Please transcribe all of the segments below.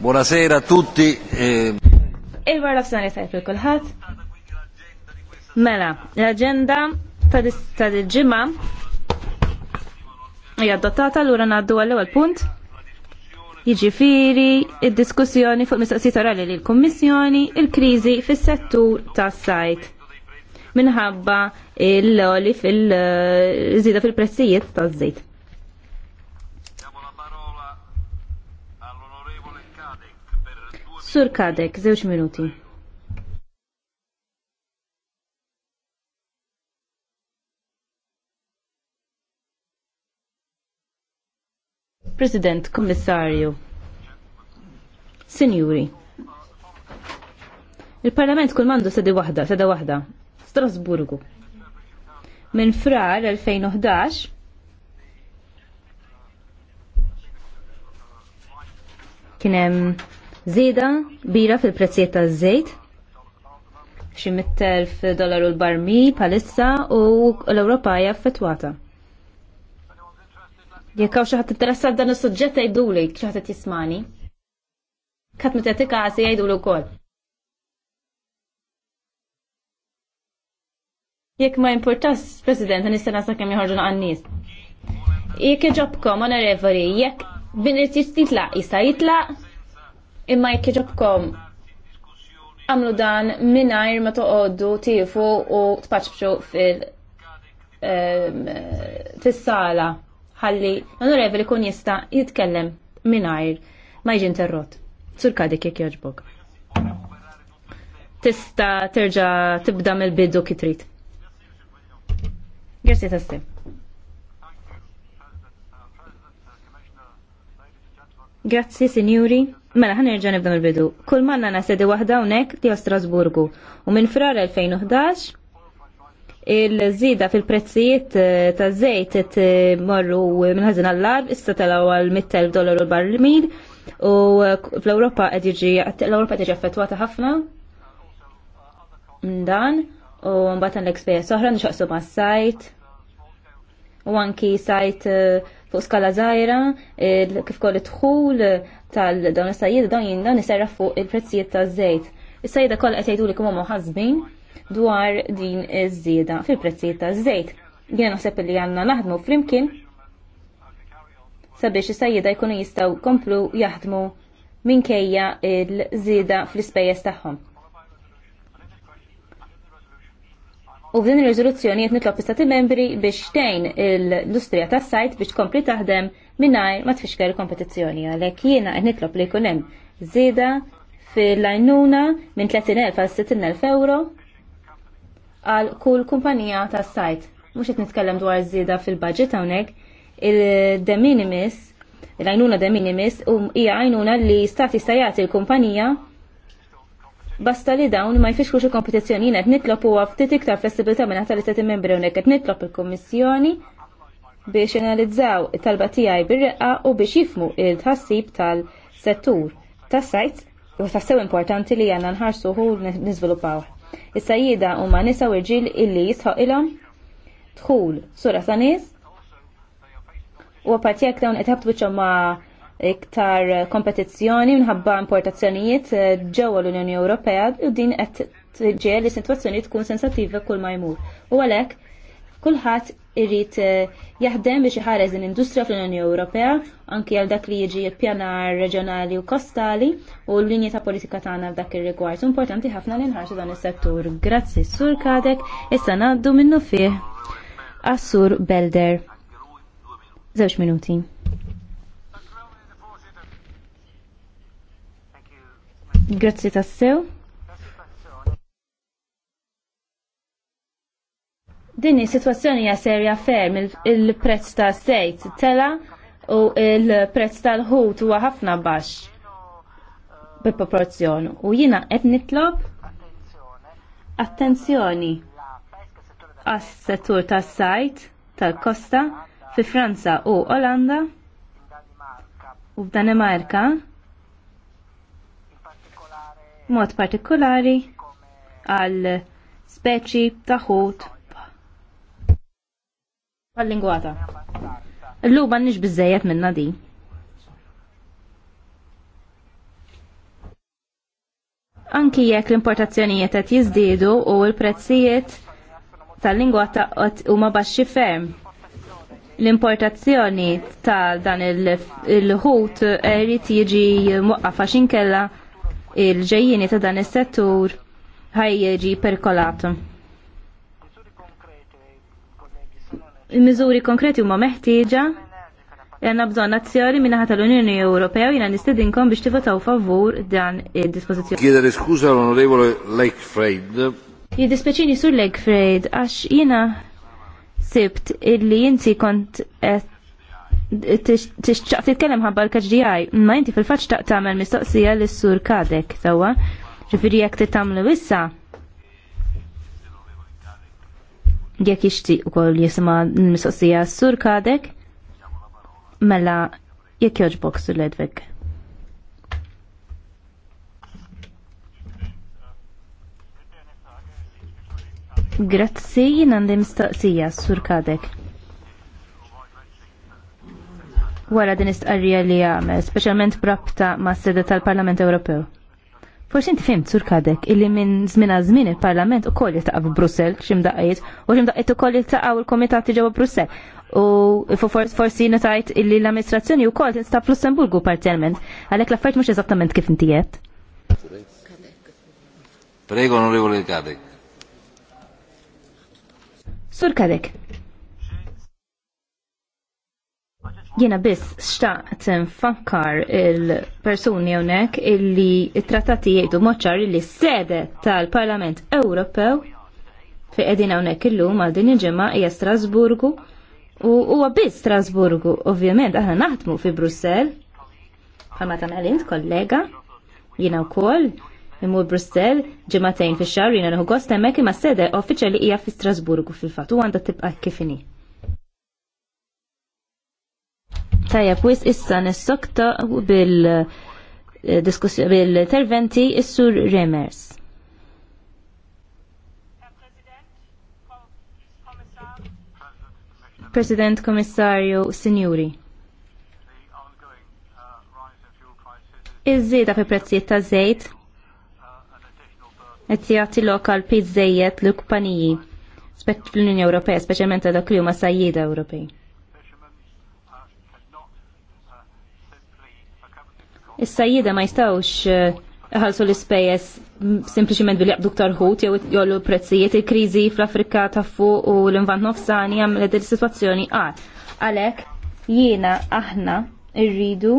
Buonasera a tutti. Eh. Il-war l-afsani tajf il Mela, l-agenda ta' d-ġimma hija adottata l ngħaddu għall-ewwel punt. Jiġifieri id-diskussjoni fuq mistoqsijiet orali lil kummissjoni il-kriżi fis-settur tas-sajt minħabba l-oli fil-żida eh, fil-prezzijiet taż-żejt. Sur Kadek, żewġ minuti. President, Kommissarju, Signori, il-Parlament kull mandu sedi wahda, seda wahda, Strasburgu. Minn frar 2011, kienem Zida bira fil-prezzijiet taż-żejt xi mittelf dollaru l-barmi palissa u l-Ewropa hija affettwata. Jekk hawn xi ħadd interessat dan is-suġġett jgħiduli xi ħadd jismani. Kat meta għasi jgħidulu wkoll. Jekk ma importax, President, nista' sa' kemm jħorġu naqan nies Jekk iġobkom, onorevoli, jekk bin irid jista' jitlaq, imma jekk iġobkom għamlu dan minnajr ma toqoddu tifu u tpaċbċu fil- ehm, fis-sala ħalli l-onorevoli kun jista' jitkellem minnajr ma jiġi interrott. Sur kadik jekk jogħġbok. Tista' terġa' tibda mill-bidu kif trid. Grazie tassi. Grazie signori. Mela, ħan irġan nibda il bidu Kull manna nasedi sedi wahda unek tiegħu Strasburgu. U minn frar 2011 il-żida fil-prezzijiet eh, ta' t eh, morru minn ħażin għall-lar, issa telaw għal 100.000 dollaru l-barmil u eh, fl-Ewropa għedġi, l-Ewropa tiġi affettwata ħafna dan u mbatan l-eksperja soħra nixaqsu mas-sajt u anki sajt fuq skala żgħira kif koll tħul, tal-dawn is-sajjieda dawn dawn iserraħ fuq il-prezzijiet taż-żejt. Is-sajjieda kollha qed jgħidulek huma ħażbin dwar din iż-żieda fil-prezzijiet taż-żejt. Jiena naħseb li għandna naħdmu flimkien sabiex is-sajjieda jkunu jistgħu komplu jaħdmu minkejja il-żieda fl-ispejjeż tagħhom. U f'din ir-riżoluzzjoni qed nitlob istati membri biex tgħin l-industrija tas-sajt biex tkompli taħdem minnaj ma tfixker kompetizzjoni għalek jiena nitlob li kunem zida fil-lajnuna minn 30.000 għal 60.000 euro għal kull kumpanija ta' sajt. Mux qed nitkellem dwar zida fil-budget hawnhekk, il-de minimis, il għajnuna de minimis, u hija għajnuna li stati jagħti l-kumpanija basta li dawn ma jfixkux il-kompetizzjoni qed nitlob huwa ftit iktar flessibilta minna ħata l-istati membri hawnhekk qed nitlob il-Kummissjoni biex analizzaw talba tiegħi bir-reqqa u biex jifmu il-tħassib tal-settur tas-sajt u tassew importanti li għanna nħarsu u nizvilupaw. Is-sajjida huma nisa u rġil illi jisħoq ilom dħul sura sa nies u apparti dawn qed ħabtu ma' iktar kompetizzjoni minħabba importazzjonijiet eh, ġewwa l-Unjoni Ewropea u din qed tiġġiel li situazzjoni tkun sensattiva kull ma jmur. U għalhekk kulħadd irrit eh, jaħdem biex iħares l industrija fl-Unjoni Ewropea, anki għal dak li jiġi pjanar reġjonali u kostali u l-linja ta' politika tagħna f'dak ir-rigward. Importanti ħafna li nħarsu dan is-settur. Grazzi Sur Kadek, issa ngħaddu minnu fih Assur Belder. Żewġ minuti. Grazzi tassew. Din is-sitwazzjoni hija serja ferm il-prezz ta' sejt tela u il-prezz tal-ħut huwa ħafna baxx bi proporzjon u jiena qed nitlob attenzjoni għas-settur tas-sajt tal-kosta fi Franza u Olanda u f'Danimarka mod partikolari għal speċi ta' ħut Għallingwata. L-luba nix bizzejet minna di. Anki jekk l-importazzjonijiet qed jiżdiedu u l-prezzijiet tal-lingwa huma baxxi ferm. L-importazzjoni ta' dan il-ħut irid jiġi muqqafa xinkella il ġejjini ta' dan is-settur ħaj jiġi perkolatum. il miżuri konkreti huma meħtieġa għanna bżon azzjoni minna tal-Unjoni Ewropea jina nistedinkom biex tivotaw favur dan il-dispozizjoni. Chiedere skuza l-onorevole Lakefred. Jidispeċini sur Lake Lakefred għax jina sibt illi jinti kont t titkellem ħabba l-KGI, ma jinti fil-faċ taqtamel mistoqsija l-sur kadek, tawa, ġifiri jek t-tamlu issa jekk ixtieq ukoll jisma' n mistoqsija sur kadek mela jekk jogħġbok sur Ledvek. Grazzi, jien għandi mistoqsija sur kadek. Wara din istqarrija li għamel, speċjalment brabta ma' sede tal-Parlament Ewropew. Forsi inti fimt sur kadek illi minn żmien għal żmien il-Parlament ukoll jiltaqa' xim x'imdaqqiet u x'imdaqqiet ukoll jiltaqgħu il-Komitati ġewwa Brussell. U forsi notajt illi l-amministrazzjoni wkoll tinstab f'Lussemburgu parzjalment għalhekk laffajt affarijiet mhux eżattament kif inti jett. Prego onorevole Kadek. Sur Kadek. Jena biss xtaqt nfakkar il-persuni hawnhekk illi t trattati jgħidu moċċar li s-sede tal-Parlament Ewropew fi qegħdin hawnhekk illum għal din il-ġimgħa hija Strasburgu u huwa biss Strasburgu ovvjament aħna naħdmu fi Brussell bħalma ta' int kollega jiena wkoll imur Brussell ġimagħtejn fix-xahar jiena nieħu gost hemmhekk imma s-sede uffiċjali hija fi Strasburgu fil-fatt u għandha tibqa' kif inhi. Tajab, wis issa nissokta bil eh, bil-terventi is-sur Remers. President, Commissario, Signori. Iż-żieda fi prezzijiet ta' żejt qed jagħti lokal pizzejiet l-kumpaniji fl-Unjoni Ewropea, speċjalment dak li huma sajjieda Ewropej. Is-sajjida ma jistawx eh, ħalsu l-ispejjeż sempliċiment billi jaqbdu ktar ħut jew jollu prezzijiet il-kriżi fl-Afrika ta' fuq u l-invant nofsani għamlet il-sitwazzjoni għad. Għalhekk jiena aħna irridu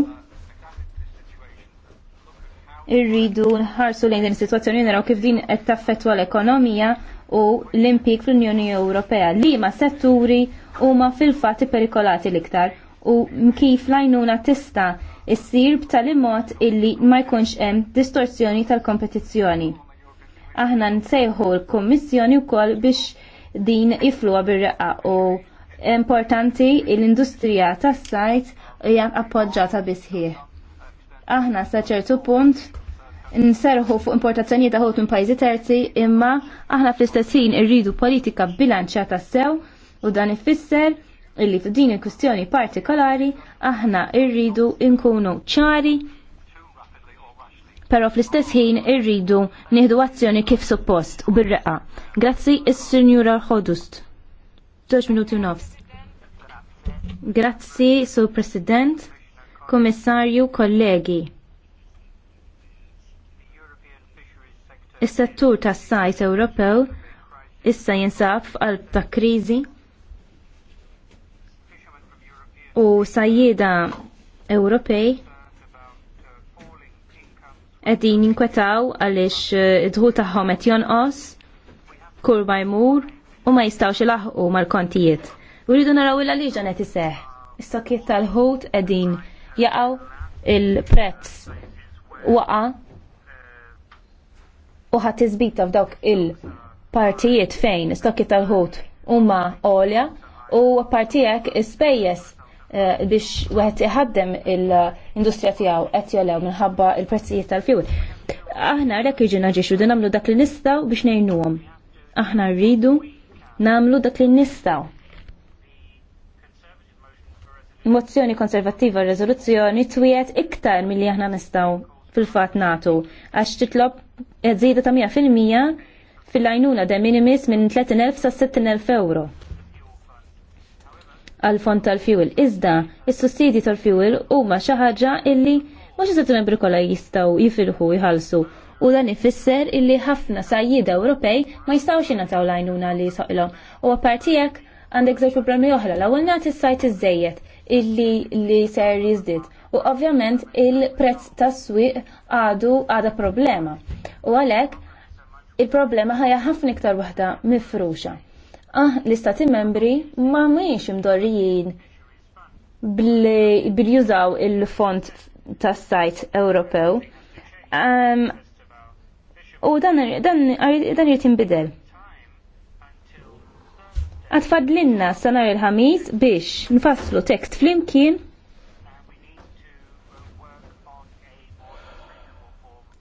irridu nħarsu lejn din is-sitwazzjoni naraw kif din qed taffettwa l-ekonomija u l-impik fl-Unjoni Ewropea li ma setturi huma fil-fatt perikolati l-iktar u kif lajnuna tista' issir b'tali mod illi ma jkunx hemm distorsjoni tal-kompetizzjoni. Aħna nsejħu l-Kommissjoni wkoll biex din ifluha bir-raqqa u importanti l-industrija tas-sajt hija appoġġjata bisħieħ. Aħna sa ċertu punt nserħu fuq importazzjoni ta' ħut minn pajjiżi terzi, imma aħna fl-istess ħin irridu politika bilanċjata sew u dan ifisser illi f'din il-kustjoni partikolari aħna irridu nkunu ċari pero fl-istess ħin irridu nieħdu azzjoni kif suppost u bir-reqa. Grazzi is-Sinjura Ħodust. Żewġ minuti nofs. Grazzi, Sur President, Komissarju, kollegi. Is-settur tas-sajt Ewropew issa jinsab f'qalb ta' kriżi u sajjida Ewropej qegħdin jinkwetaw għaliex eh, id-dħul tagħhom qed jonqos kull ma jmur u ma jistgħux ilaħqu mal-kontijiet. Uridu naraw il għaliex ġanet iseħ. Is-sokkiet tal-ħut qegħdin jaqgħu il-prezz waqa u ħadd iżbita f'dawk il-partijiet fejn is stokki tal-ħut huma għolja u partijek ispejjeż Eh, biex wieħed iħaddem l-industrija tiegħu qed jolew minħabba l-prezzijiet tal-fjul. Aħna rek jiġu naġixxu din nagħmlu dak li nistgħu biex ngħinuhom. Aħna rridu nagħmlu dak li nistgħu. Mozzjoni konservattiva r-rezoluzzjoni twiet iktar milli aħna nistgħu fil-fatt nagħtu għax titlob żieda ta' 100% fil-għajnuna de minimis minn 3.000 sa 6.000 euro għal font tal-fuel. Iżda, il sussidi tal-fuel huma xi ħaġa illi mhux se membri kolla jistgħu jifilħu jħallsu u dan ifisser illi ħafna sajjida Ewropej ma jistgħux taw lajnuna li soqlom. U apparti għandek żewġ problemi oħra. L-ewwel nagħti s-sajt iżejjed illi li ser jizdit. U ovvjament il-prezz tas-swieq għadu għada problema. U għalhekk il-problema ħajja ħafna iktar waħda mifruxa ah, l-istati membri ma miex imdorrijin bil-jużaw il-font tas sajt Ewropew. Um, u dan, dan, dan jirrit imbidel. Għatfadlinna sanar il-ħamis biex nfasslu tekst flimkien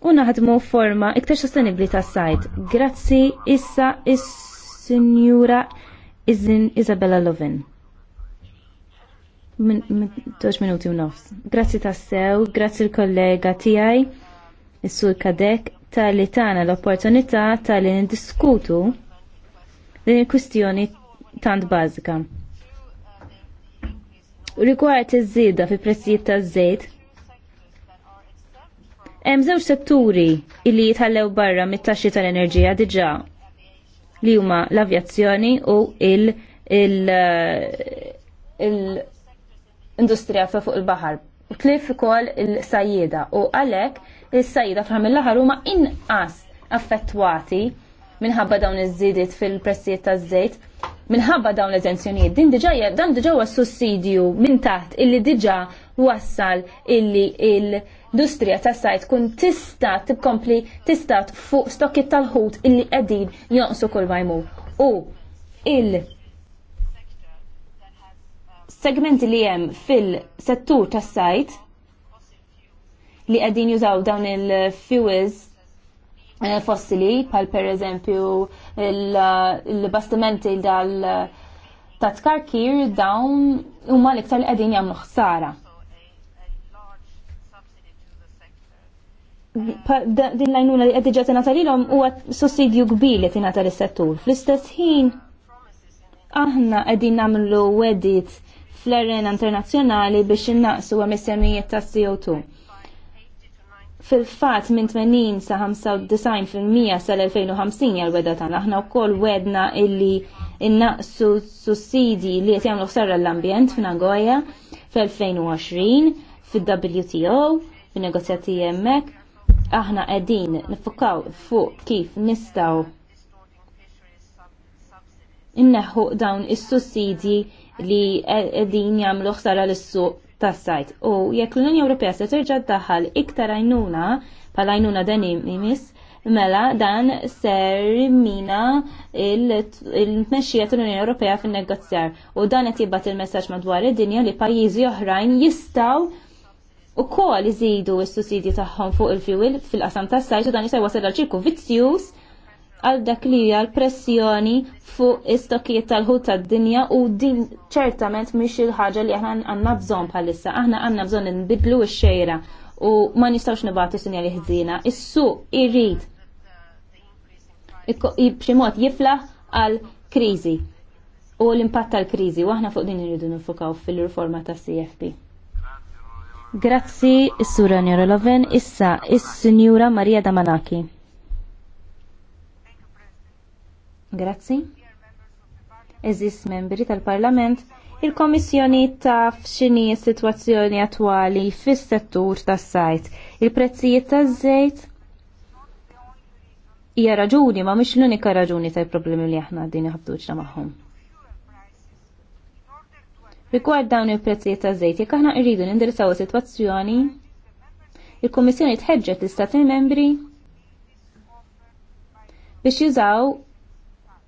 u naħdmu forma iktar sostenibli tas sajt. Grazzi issa issa is Izin Isabella Lovin. Toċ minuti u nofs. Grazzi tassew, grazzi l-kollega tijaj, il-sur kadek, ta' li tana l-opportunità ta' li nindiskutu din il-kustjoni tant bazika. Rigward iż-żieda fi prezzijiet taż-żejt, hemm żewġ setturi li jitħallew barra mit-taxxi tal-enerġija diġà li huma l-avjazzjoni u il- il-industrija eh, fuq il-bahar. U tlif ukoll il-sajjeda u għalhekk is-sajjeda fl mill-aħħar huma inqas affettwati minħabba dawn iż-żidiet fil-prezzijiet taż-żejt minħabba dawn l-eżenzjonijiet. Din diġà dan diġà huwa sussidju minn taħt illi diġà wassal illi il-, il industrija tas-sajt tkun tista' tibkompli tista' fuq stokki tal-ħut illi qegħdin jonqsu kull ma jmur. U il segmenti li hemm fil-settur tas-sajt li qegħdin jużaw dawn il-fuels eh, fossili, pal per eżempju il-bastimenti dal ta' tkarkir dawn huma l-iktar li qegħdin jagħmlu ħsara. din l l-għajnuna li għedġa t-nata li l-om sussidju kbir li t-nata tal settur. Fl-istess ħin, aħna għedin namlu wedit fl-arena internazjonali biex innaqsu emissjonijiet ta' CO2. Fil-fat minn 80 sa' 95% sal-2050 jgħal-weda tagħna aħna wkoll wedna illi innaqsu sussidji li qed jagħmlu ħsarra l-ambjent f'Nagoya fl-2020 fil wto fin-negozjati hemmhekk aħna qegħdin nifukaw fuq kif nistgħu inneħħu dawn is-sussidji li qegħdin jagħmlu ħsara lis-suq tas-sajt. U jekk l-Unjoni Ewropea se terġa' tdaħħal iktar għajnuna bħal għajnuna dan imis, mela dan ser mina il-tmexxija tal-Unjoni Ewropea fin-negozjar. U dan qed jibgħat il-messaġġ madwar id-dinja li pajjiżi oħrajn jistgħu u kol iżidu s-sussidji tagħhom fuq il-fuel fil-qasam tas-sajt u dan jisaj jwasal għal ċirku vizzjuż għal dak li hija l-pressjoni fuq istokiet tal-ħut tad-dinja u din ċertament mhix il-ħaġa li aħna għandna bżonn bħalissa. Aħna għandna bżonn nbidlu x-xejra u ma nistgħux nibagħtu sinjali ħżiena. Is-suq irrid b'xi mod jiflaħ għal kriżi u l-impatt tal-kriżi u aħna fuq din irridu nifukaw fil-riforma tas-CFP. Grazzi, Is-Sura Njorolovin, issa Is-Sinjura Damanaki. Grazzi. Eżis membri tal-Parlament, il-Komissjoni taf x'inhi s-sitwazzjoni attwali fis-settur tas-sajt. Il-prezzijiet taż-żejt hija raġuni ma mhix l-unika raġuni tal-problemi li aħna din iħabduċna magħhom. Rigward dawn il-prezzijiet ta' zejt, jekk aħna rridu nindirizzaw is-sitwazzjoni, il-Kummissjoni tħeġġet l-Istati membri biex jużaw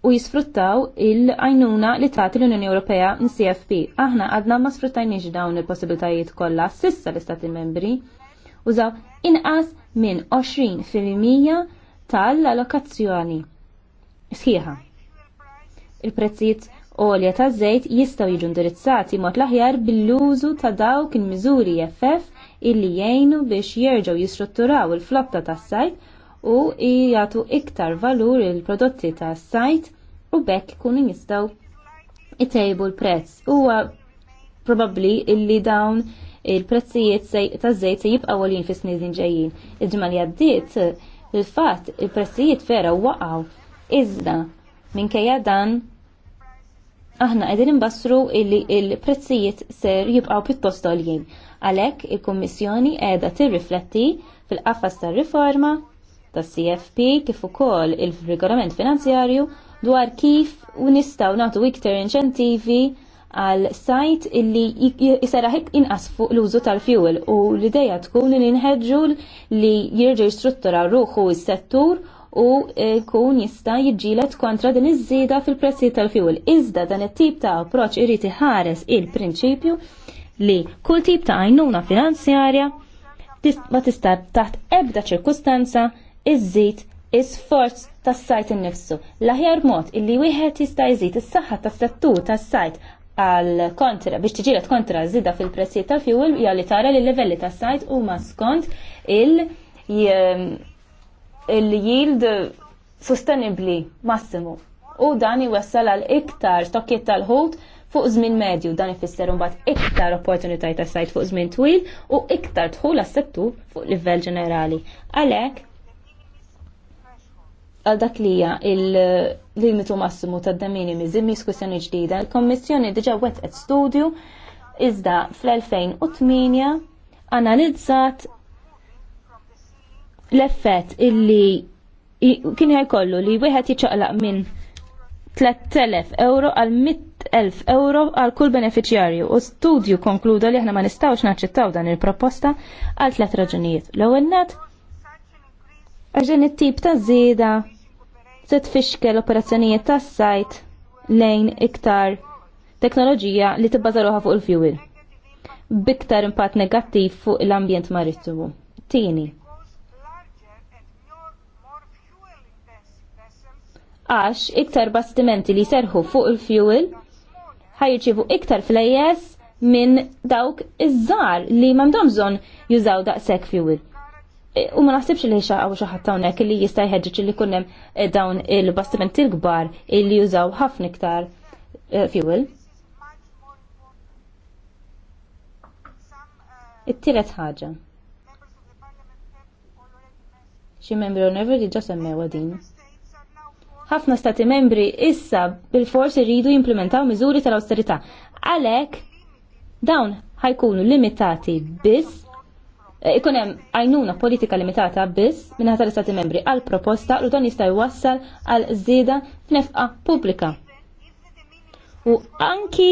u jisfruttaw il-għajnuna li tagħti l-Unjoni Ewropea n-CFP. Aħna għadna ma sfruttajniex dawn il-possibilitajiet kollha sissa l-Istati membri użaw inqas minn 20% tal-allokazzjoni. Sħiħa. Il-prezzijiet għolja ta' żejt jistgħu jiġu indirizzati mod l-aħjar bil-użu ta' dawk il-miżuri FF illi jgħinu biex jerġgħu jistrutturaw il-flotta tas-sajt u jagħtu iktar valur il-prodotti tas-sajt u bekk kunu jistgħu itejbu l-prezz. Huwa probabbli illi dawn il-prezzijiet ta' żejt se jibqgħu għolin fis-snin ġejjin. Iġma li għaddiet il-fatt il-prezzijiet vera waqgħu iżda minkejja dan aħna qegħdin imbassru li l-prezzijiet ser jibqgħu pittost għoljin. Għalhekk il-Kummissjoni qiegħda tirrifletti fil-qafas tar-riforma tas-CFP kif ukoll il-regolament finanzjarju dwar kif nistgħu nagħtu iktar inċentivi għal sajt illi jisaraħik inqas fuq l-użu tal-fuel u l-ideja tkun li nħedġu li jirġu jistrutturaw ruħu s-settur u jkun jista' jiġġielet kontra din iż-żieda fil-prezzi tal-fjuwil. Iżda dan it-tip ta' approċċ irid iħares il-prinċipju li kull tip ta' għajnuna finanzjarja ma tista' taħt ebda ċirkustanza iżżid is-sforz tas-sajt innifsu. L-aħjar mod illi wieħed jista' jżid is-saħħa tas-settur tas-sajt għal kontra biex tiġilet kontra żida fil-prezzijiet tal-fuel hija li tara li l-livelli tas-sajt huma skont il il-yield sostenibli massimu u dan iwassal għal iktar stokkiet tal-ħut fuq żmien medju dan ifisser imbagħad iktar opportunitajiet ta' sajt fuq żmien twil u iktar dħul għas-settur fuq livell ġenerali. Għalhekk għal dak li hija il-limitu massimu tad de minimis immis miskussjoni ġdida, il-Kommissjoni diġa wetqet studju iżda fl-2008 analizzat l-effett illi kien jkollu li wieħed jiċċaqlaq minn 3000 euro għal 100.000 euro għal kull beneficjarju u studju konkluda li aħna ma nistawx naċċettaw dan il-proposta għal tlet raġunijiet. L-ewwel net għaxin it-tip ta' żieda se l operazzjonijiet tas-sajt lejn iktar teknoloġija li tibbażaruha fuq il-fuel. Biktar impatt negattiv fuq l-ambjent marittimu. Tieni, għax iktar bastimenti li serħu fuq il-fuel ħajċivu iktar flejjes minn dawk iż-żar li m'għandhom bżonn jużaw daqshekk fuel. E, u ma naħsibx li xaqgħu xi ħadd hawnhekk li jista' jħeġġeġ li jkun hemm e, dawn il-bastimenti l-kbar li jużaw ħafna iktar e, fuel. It-tielet ħaġa. Xi membri onorevoli ġa semmew din ħafna stati membri issa bil-fors irridu jimplementaw miżuri tal-austerità. Għalhekk dawn ħajkunu limitati biss e, ikun hemm għajnuna politika limitata biss minn tal-istati membri għal proposta u dan jista' jwassal għal żieda f'nefqa pubblika. U anki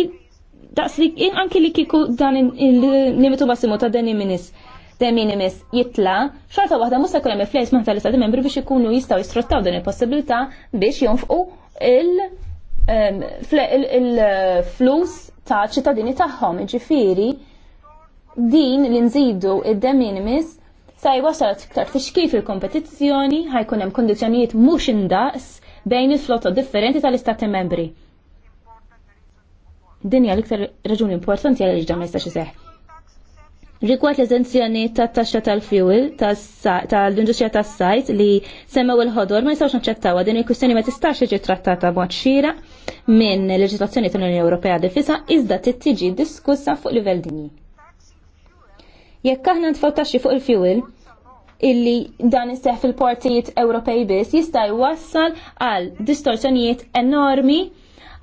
daqslik anki li kiku dan il-limitu massimu ta' deni minis de minimis jitla, xorta waħda musa jkun hemm il-flejs maħta l-istati membri biex ikunu jistgħu jistrottaw din il-possibilità biex jonfqu il-flus ta' ċittadini tagħhom, ġifiri, din li nżidu id-de minimis sa jwasal iktar tixkil fil-kompetizzjoni ħajkun hemm kondizjonijiet mhux indaqs bejn il-flotta differenti tal-istati membri. Din hija l-iktar raġuni importanti għal ġamajsta xiseħ. Rigward l-eżenzjoni ta' taxxa tal-fuel tal-industrija tas-sajt li semmew il-ħodor ma jistgħux naċċettawha din il-kwistjoni ma tistax jiġi trattata b'mod xira minn leġislazzjoni tal-Unjoni Ewropea difisa iżda tiġi diskussa fuq livell dinji. Jekk aħna nitfgħu taxxi fuq il-fuel illi dan isseħ fil-partijiet Ewropej biss jista' jwassal għal distorsjonijiet enormi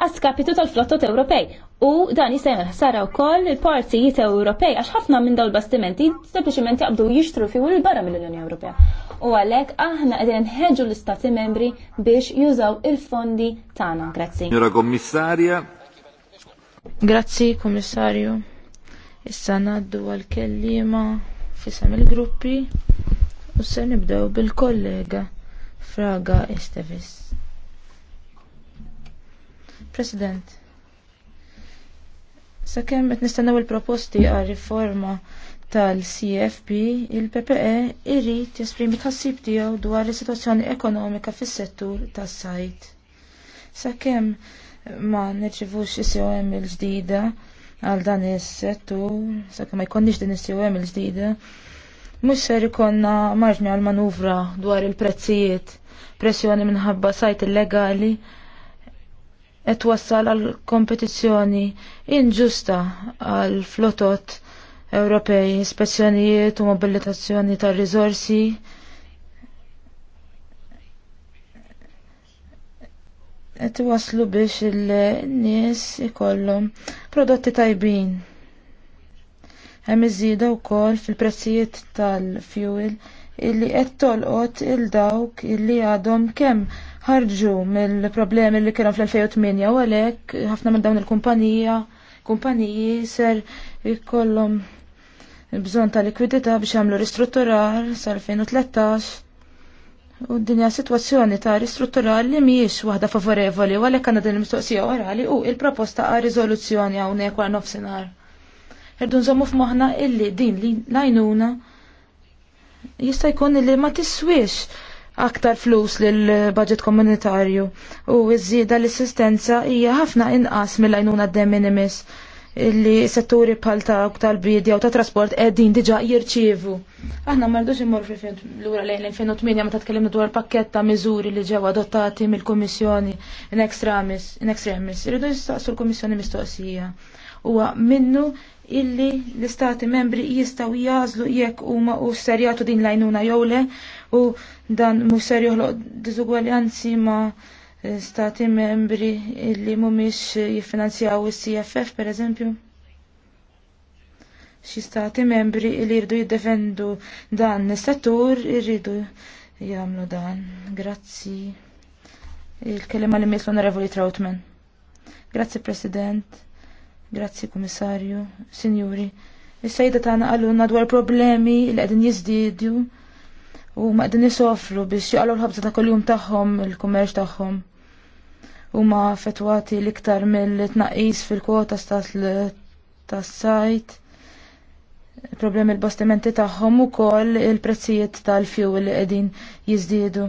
għas kapitu tal-flottot Ewropej U dan jisajna ħsara wkoll il-partijiet Ewropej għax ħafna minn dawn bastimenti sempliċement jgħabdu jishtru fi l barra mill-Unjoni Ewropea. U għalhekk aħna qegħdin nħeġġu l-istati membri biex jużaw il-fondi tagħna. Grazzi. Njura Kommissarja. Grazzi, Kommissarju. Issa ngħaddu għall-kellima fissam il-gruppi u se nibdew bil-kollega Fraga Estevis. President. Sakemm qed nistennew il-proposti għal riforma tal-CFP, il-PPE irrid jesprimi tħassib tiegħu dwar is-sitwazzjoni ekonomika fis-settur tas-sajt. Sakemm ma nirċivux is-COM il-ġdida għal dan is-settur, sakemm ma jkollniex din is-COM il-ġdida, mhux ser ikonna marġni għal manuvra dwar il-prezzijiet, pressjoni minħabba sajt illegali, qed wassal għal kompetizzjoni inġusta għal flotot Ewropej, ispezzjonijiet u mobilitazzjoni tar risorsi qed waslu biex il-nies ikollhom prodotti tajbin. Hemm iżjida wkoll fil-prezzijiet tal-fuel illi qed tolqot il dawk illi għadhom kemm ħarġu mill-problemi li kienu fl-2008 u għalhekk ħafna minn dawn il-kumpanija kumpaniji ser ikollhom bżonn ta' likwidità biex jagħmlu ristrutturar sa' 2013 U d-dinja situazzjoni ta' ristrutturar li miex waħda favorevoli, u għalek għanna din il-mistoqsija orali u il-proposta għal rizoluzzjoni għawnek għal nofsinar. Irdun nżommu f'moħna illi din li lajnuna jista' jkun li ma tiswix aktar flus lil budget komunitarju u iż-żieda l-assistenza hija ħafna inqas mill-għajnuna de minimis li setturi bħal ta' tal-bidja u ta' trasport qegħdin diġà jirċievu. Aħna m'għandux immorru fi lura lejn l-2008 ma' tkellimna dwar pakkett ta' miżuri li ġew adottati mill-Kummissjoni in extremis, in extremis. Irridu jistaqsu l-Kummissjoni mistoqsija. Huwa minnu illi l-istati membri jistaw jazlu jekk huma u serjatu din lajnuna jowle u dan mu ser joħloq diżugwaljanzi ma stati membri illi mumiex jiffinanzjaw is-CFF per eżempju. Xi stati membri illi jridu jiddefendu dan is-settur irridu jagħmlu dan. Grazzi. Il-kelima li mis l-Onorevoli Trautman. Grazzi President Grazzi Komissarju, Sinjuri. il-sajda ta' għallunna dwar problemi li qegħdin jiżdiedu u ma qegħdin jisoflu biex jaqgħu l ħabza ta' kuljum tagħhom il-kummerċ tagħhom. ma' fetwati l-iktar mill-tnaqqis fil-kwota tas tassajt problemi l-bastimenti tagħhom ukoll il-prezzijiet tal-fjuwil li qegħdin jiżdiedu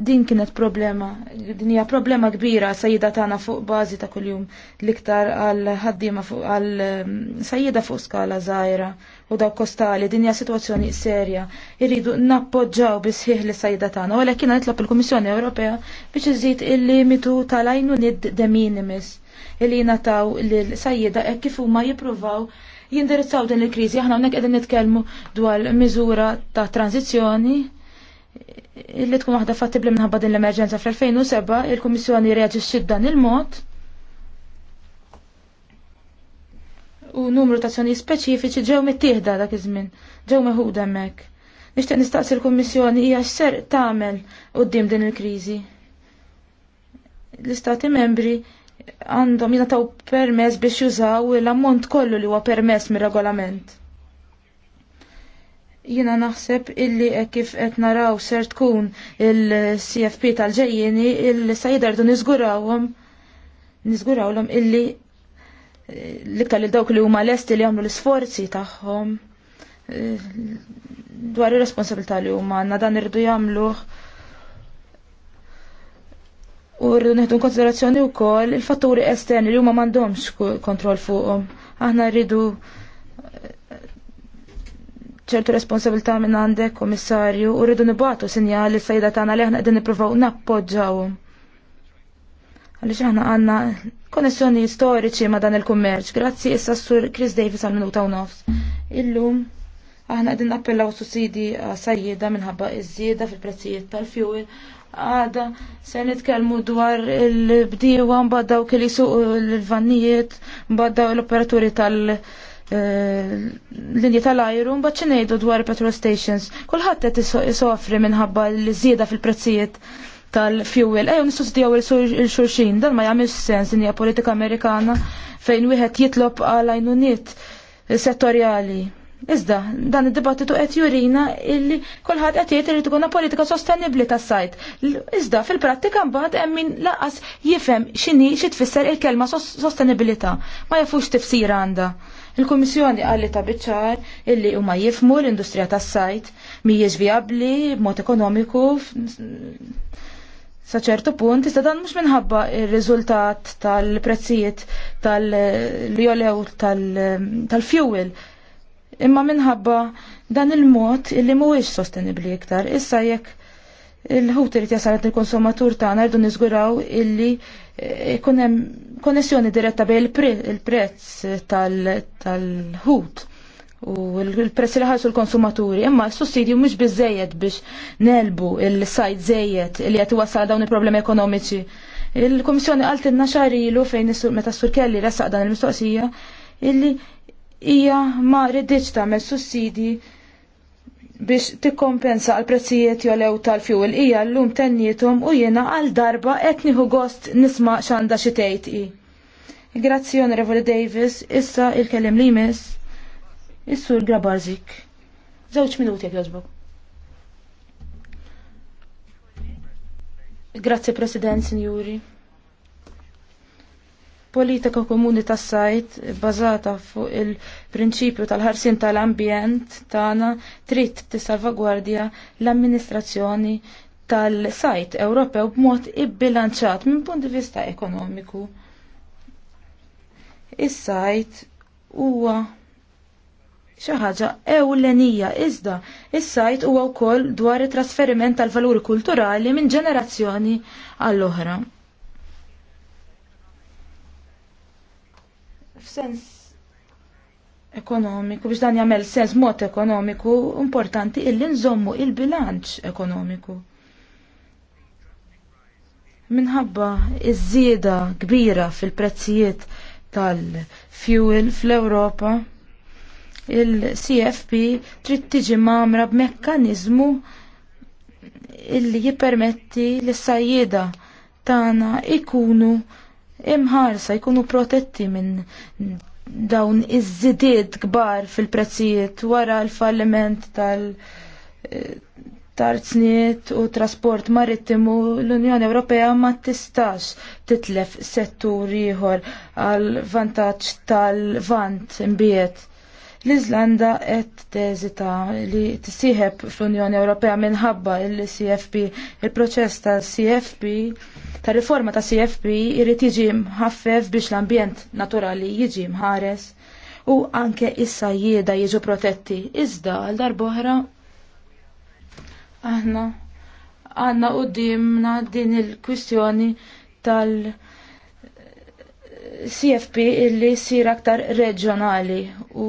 din kienet problema, din hija problema kbira sajjida tagħna fuq bażi ta' kuljum l-iktar għal ħaddiema fuq għal ehm, sajjida fuq skala żgħira u daw kostali, din hija sitwazzjoni serja. Irridu nappoġġaw sħiħ li sajjida tagħna, u kien nitlob il-Kummissjoni Ewropea biex iżid il-limitu tal ajnu nid de minimis illi nataw lil sajjida hekk kif huma jippruvaw jindirizzaw din il-kriżi. Aħna hawnhekk qegħdin nitkellmu dwar miżura ta' tranzizzjoni li tkun waħda fattibli minħabba din l-emerġenza fl-2007, il-Kummissjoni reaġixxi dan il-mod u numru ta' azzjoni speċifiċi ġew mittieħda dak iż-żmien, ġew meħuda hemmhekk. Nixtieq nistaqsi l-Kummissjoni hija x'ser tagħmel quddiem din il-kriżi. L-Istati membri għandhom jingħataw permess biex jużaw l-ammont kollu li huwa permess mir-regolament. Jina naħseb illi kif qed naraw ser tkun il-CFP tal-ġejjeni illi se jidardu niżgurawhom niżgurawlhom illi eh, l-iktar il dawk li huma lesti li jagħmlu l-isforzi tagħhom eh, dwar ir-responsabilità li huma għandna dan irdu jagħmlu U rridu neħdu konsiderazzjoni wkoll il-fatturi esterni li huma m'għandhomx kontroll fuqhom. Aħna rridu ċertu responsabilità minn għandek, komissarju, u rridu nibatu sinjali s-sajda tagħna li aħna qegħdin niprofaw nappoġġaw. Għaliex aħna għandna konnessjoni storiċi ma' dan il-kummerċ. Grazzi issa sur Chris Davis għal minuta u nofs. Illum aħna qegħdin nappellaw sussidi sajjieda minħabba iż-żieda fil-prezzijiet tal fjuwil għada se nitkellmu dwar il bdiwa mbaddaw kelli suq l-vannijiet, mbaddaw l-operaturi tal- Eh, linji tal-ajru, mbagħad xi ngħidu dwar petrol stations. Kulħadd qed isofri minħabba l-żieda fil-prezzijiet tal-fuel. Ejju nistudjaw il-xulxin, dan ma jagħmilx sens in hija politika Amerikana fejn wieħed jitlob għal għajnuniet settorjali. Iżda, dan id-dibattitu qed jurina illi kulħadd qed jgħid irid ikun politika sostenibbli tas-sajt. Iżda fil-prattika mbagħad hemm min laqas jifhem x'inhi xi tfisser il-kelma sostenibilità. Ma jafux tifsira għandha. Il-Kummissjoni għalli ta' biċċar illi huma jifmu l-industrija tas-sajt mhijiex vijabbli b'mod ekonomiku sa ċertu punt, iżda dan mhux minħabba r riżultat tal-prezzijiet tal-jolew tal-fuel. Imma minħabba dan il-mod illi mhuwiex sostenibbli iktar. Issa jekk il-ħut irid jasal il-konsumatur tagħna rridu nizguraw illi ikunem hemm konnessjoni diretta bejn il-prezz tal-ħut u l-prezz li ħarsu l-konsumaturi, imma s-sussidju mux biżejjed biex nelbu il-sajt żejjed li qed iwassal dawn il-problemi ekonomiċi. Il-Kummissjoni qalt il xahar ilu fejn meta s Kelli rassaq dan il-mistoqsija illi hija ma rridx tagħmel sussidji biex tikkompensa għal prezzijiet jolew tal-fuel hija llum tennietom u jiena għal darba qed nieħu gost nisma' x'għandha xi tgħid Grazzi Onorevoli Davis, issa il-kellim li jmiss is-sur Grabarzik. Żewġ minuti jekk jogħġbok. Grazzi President, Signuri politika komuni tas sajt bazata fuq il-prinċipju tal-ħarsin tal-ambjent tagħna trid tissalvagwardja l-amministrazzjoni tal-sajt Ewropew b'mod ibbilanċat minn punt di vista ekonomiku. Is-sajt huwa xi ħaġa ewlenija iżda is-sajt huwa wkoll dwar it-trasferiment tal-valuri kulturali minn ġenerazzjoni għall-oħra. f'sens ekonomiku, biex dan jagħmel sens mod ekonomiku, importanti illi nżommu il-bilanċ ekonomiku. Minħabba iż-żieda kbira fil-prezzijiet tal-fuel fl-Ewropa, il-CFP trid tiġi mamra b'mekkaniżmu illi jippermetti l-sajjieda tagħna ikunu sa jkunu protetti minn dawn iż-żidiet kbar fil-prezzijiet wara l-falliment tal- tarzniet u trasport marittimu l-Unjoni Ewropea ma tistax titlef settur ieħor għal vantaġġ tal-vant imbiet L-Iżlanda qed teżita li tisieħeb fl-Unjoni Ewropea minħabba il-CFP. Il-proċess ta' CFP ta' riforma ta' CFP irid jiġi mħaffef biex l-ambjent naturali jiġi mħares u anke issa jieda jiġu protetti. Iżda għal darboħra aħna għanna u dimna din il-kwistjoni tal- CFP illi sir aktar reġjonali u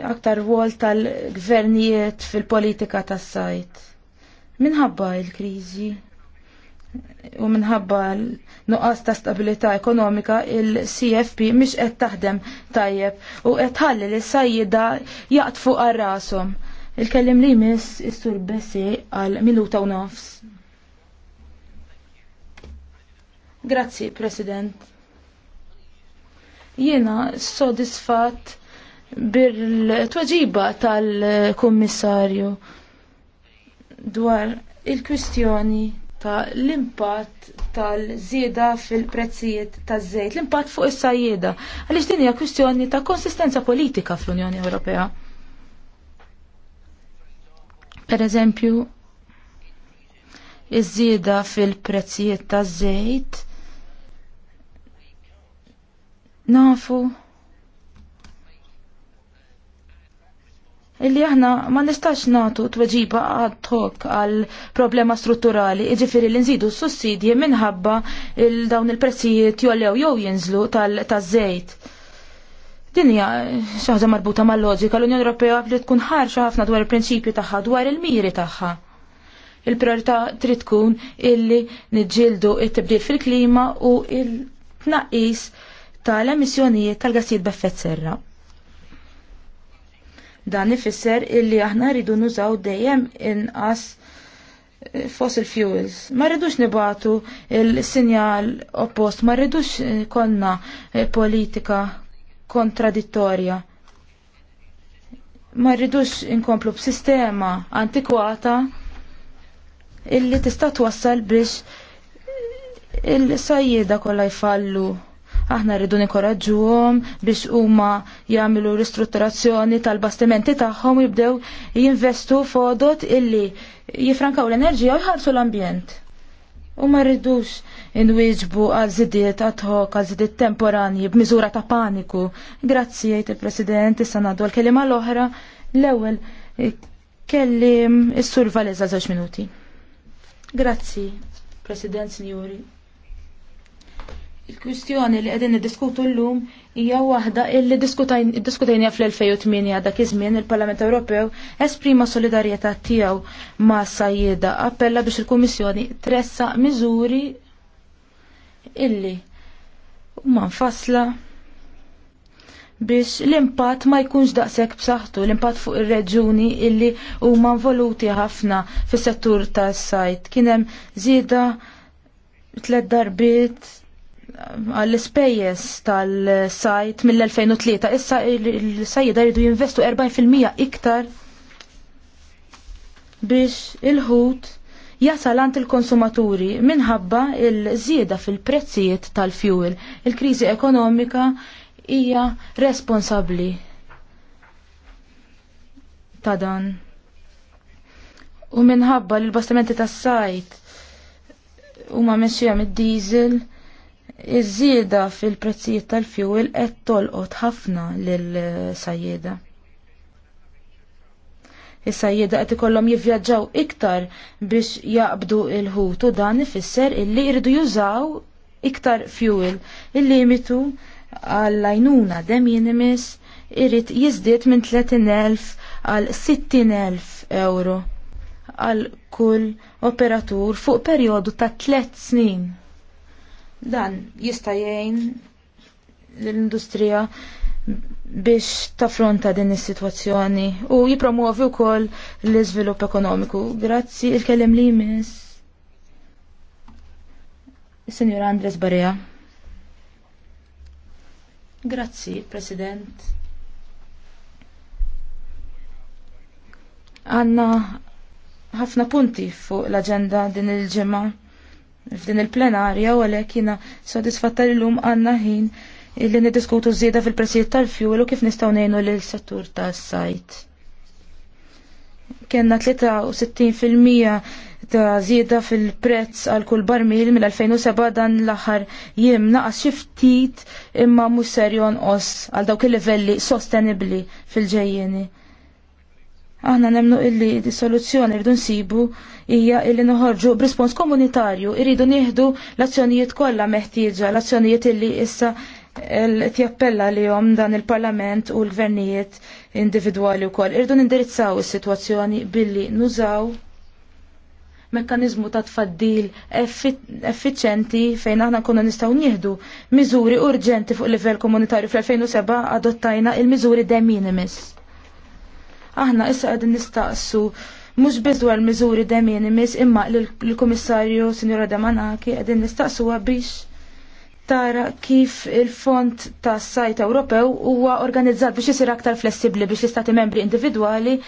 aktar rwol tal-gvernijiet fil-politika tas-sajt. Minħabba il-kriżi u minħabba l nuqqas ta' stabilità ekonomika il-CFP mhix qed taħdem tajjeb u qed ħalli li sajjida jaqt fuq rashom. Il-kellim li jmiss is-sur Bessi għal minuta u nofs. Grazzi, President. Jiena sodisfatt bil-tweġiba tal-Kummissarju dwar il-kwistjoni ta' l-impatt tal-żieda fil-prezzijiet taż-żejt, l-impatt fuq is sajjeda għaliex din hija kwistjoni ta' konsistenza politika fl-Unjoni Ewropea. Per eżempju, iż-żieda fil-prezzijiet taż-żejt nafu illi aħna ma nistax natu tweġiba ad hoc għal problema strutturali, iġifiri li nżidu s-sussidji minħabba il dawn il-prezzijiet jollew jew jinżlu tal-żejt. Din hija xi ħaġa marbuta mal-loġika l-Unjoni Ewropea li tkun ħarxa ħafna dwar il-prinċipju tagħha dwar il-miri tagħha. Il-priorità trid tkun illi niġġieldu t tibdil fil-klima u il-tnaqqis tal-emissjonijiet tal-gassijiet b'effett serra. Dan ifisser illi aħna rridu nużaw dejjem inqas eh, fossil fuels. Ma rridux nibatu il-sinjal oppost, ma rridux eh, konna eh, politika kontradittorja. Ma rridux inkomplu b'sistema antikwata illi tista' twassal biex il sajjida kollha jfallu Aħna rridu nikoraġġuhom biex huma jagħmlu ristrutturazzjoni tal-bastimenti tagħhom jibdew jinvestu fodot illi jifrankaw l-enerġija u jħarsu l-ambjent. U ma rridux inwieġbu għal zidiet ad hoc, għal zidiet temporani, b'miżura ta' paniku. Grazzi, jgħid il-President, issa ngħaddu l-kelima l-oħra, l-ewwel kellim is-sur Valeza żewġ minuti. Grazzi, President Sinjuri. Il-kwistjoni li qegħdin l llum hija waħda illi diskutajnija fl-2008 dak iż-żmien il-Parlament Ewropew esprima solidarjetà tiegħu ma' Sajjeda appella biex il-Kummissjoni tressa miżuri illi huma nfassla biex l-impatt ma jkunx daqshekk b'saħħtu, l-impatt fuq ir-reġuni illi huma involuti ħafna fis-settur tas-sajt. Kien hemm żieda tliet darbiet għall spejjes tal-sajt mill-2003 issa il-sajjida jridu jinvestu 40% iktar biex il-ħut jasal għand il-konsumaturi minħabba il-żieda fil-prezzijiet tal-fuel. Il-kriżi ekonomika hija responsabbli ta' dan. U minħabba l-bastimenti tas-sajt huma mexxija mid-diesel Iż-żieda fil-prezzijiet tal-fuel qed tolqot ħafna lil sajjieda is sajjieda qed ikollhom jivvjaġġaw iktar biex jaqbdu il-ħut u dan ifisser illi jridu jużaw iktar fuel. Il-limitu għall-għajnuna de minimis irrid jiżdied minn 30.000 għal 60.000 euro għal kull operatur fuq perjodu ta' tliet snin. Dan jista' jgħin l-industrija biex taffronta din is-sitwazzjoni u jipromuovi wkoll l-iżvilupp ekonomiku. Grazzi il-kellem li jmiss. Signor Andres Barea. Grazzi, President. Għanna ħafna punti fuq l-agenda din il-ġemma f'din il-plenarja u għalhekk jiena sodisfatta l lum għandna ħin illi niddiskutu żieda fil-prezzijiet tal-fjuwel u kif nistgħu ngħinu lill-settur tas-sajt. Kenna 63% ta' zieda fil-prezz għal kull barmil mill-2007 dan l-aħħar jiem naqas xi ftit imma mhux serjon os għal dawk il-livelli sostenibbli fil-ġejjeni. Aħna nemnu illi di soluzzjoni rridu nsibu hija illi noħorġu b'rispons komunitarju, irridu nieħdu l-azzjonijiet kollha meħtieġa, l-azzjonijiet illi issa tjappella li jom dan il-parlament u l-gvernijiet individwali wkoll. Irridu nindirizzaw is-sitwazzjoni billi nużaw mekkanizmu ta' tfaddil effiċenti fejn aħna konna nistgħu nieħdu miżuri urġenti fuq livell komunitarju fl-2007 adottajna il-miżuri de minimis Aħna issa qegħdin nistaqsu mhux biss dwar miżuri de minimis imma l-Kummissarju Sinjora Damanaki qegħdin nistaqsuha biex tara kif il-fond tas sajt Ewropew huwa organizzat biex isir aktar flessibbli biex l-istati membri individwali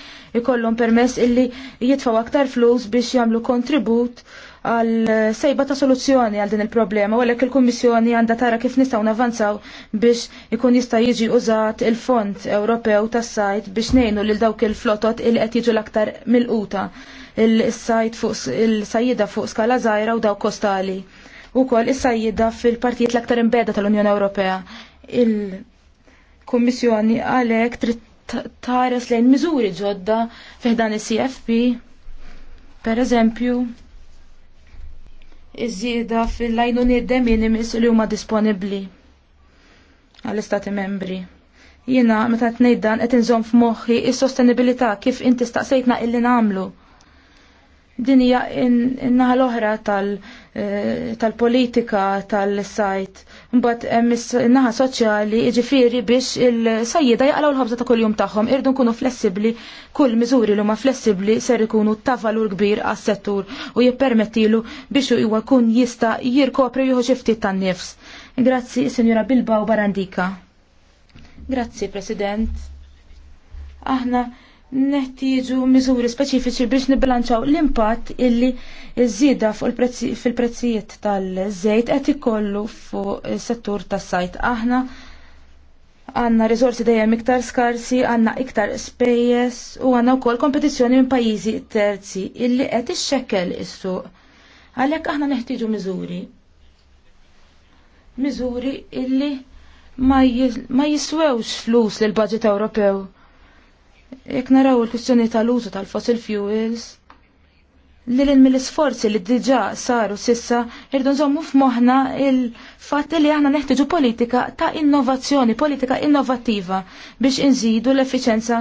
jkollhom permess illi jitfaw aktar flus biex jagħmlu kontribut għal sejba ta' soluzzjoni għal din il-problema, u għalhekk il-Kummissjoni għandha tara kif nistgħu navanzaw biex ikun jista' jiġi użat il-Fond Ewropew tas-sajt biex ngħinu lil dawk il-flotot il qed jiġu l-aktar mil quta il-sajt fuq il-sajjida fuq skala żgħira u daw kostali. Ukoll is-sajjida fil-partijiet l-aktar imbeda tal-Unjoni Ewropea. Il-Kummissjoni għalhekk trid lejn miżuri ġodda fiħdan is-CFP, per eżempju, iż fil-lajnuniet de minimis li huma disponibbli għall-istati membri. Jiena meta tnejdan qed inżomm f'moħħi il sostenibilità kif inti staqsejtna illi nagħmlu. Din hija in-naħa l-oħra eh, tal-politika tal-sajt. Mbagħad hemm in-naħa soċjali jiġifieri biex il sajjida jaqgħu l-ħobża ta' kuljum tagħhom irdu nkunu flessibbli kull miżuri li huma flessibbli ser ikunu ta' valur kbir għas-settur u jippermettilu biex huwa jkun jista' jirkopri jieħu xi ftit tan-nifs. Grazzi, Sinjora Bilbao Barandika. Grazzi, President. Aħna neħtieġu miżuri speċifiċi biex nibbilanċaw l-impatt illi żieda fuq fil-prezzijiet tal-żejt qed ikollu fuq is-settur tas-sajt. Aħna għandna riżorsi dejjem iktar skarsi, għandna iktar spejjeż u għandna wkoll kompetizzjoni minn pajjiżi terzi illi qed ixxekkel is-suq. Għalhekk aħna neħtieġu miżuri. Miżuri illi ma jiswewx flus lill budget Ewropew Jek naraw il-kwistjoni tal-użu tal-fossil fuels, li l mill sforzi li diġa saru sissa, irdu nżommu f'moħna il-fat li aħna neħtiġu politika ta' innovazzjoni, politika innovativa biex inżidu l-efficienza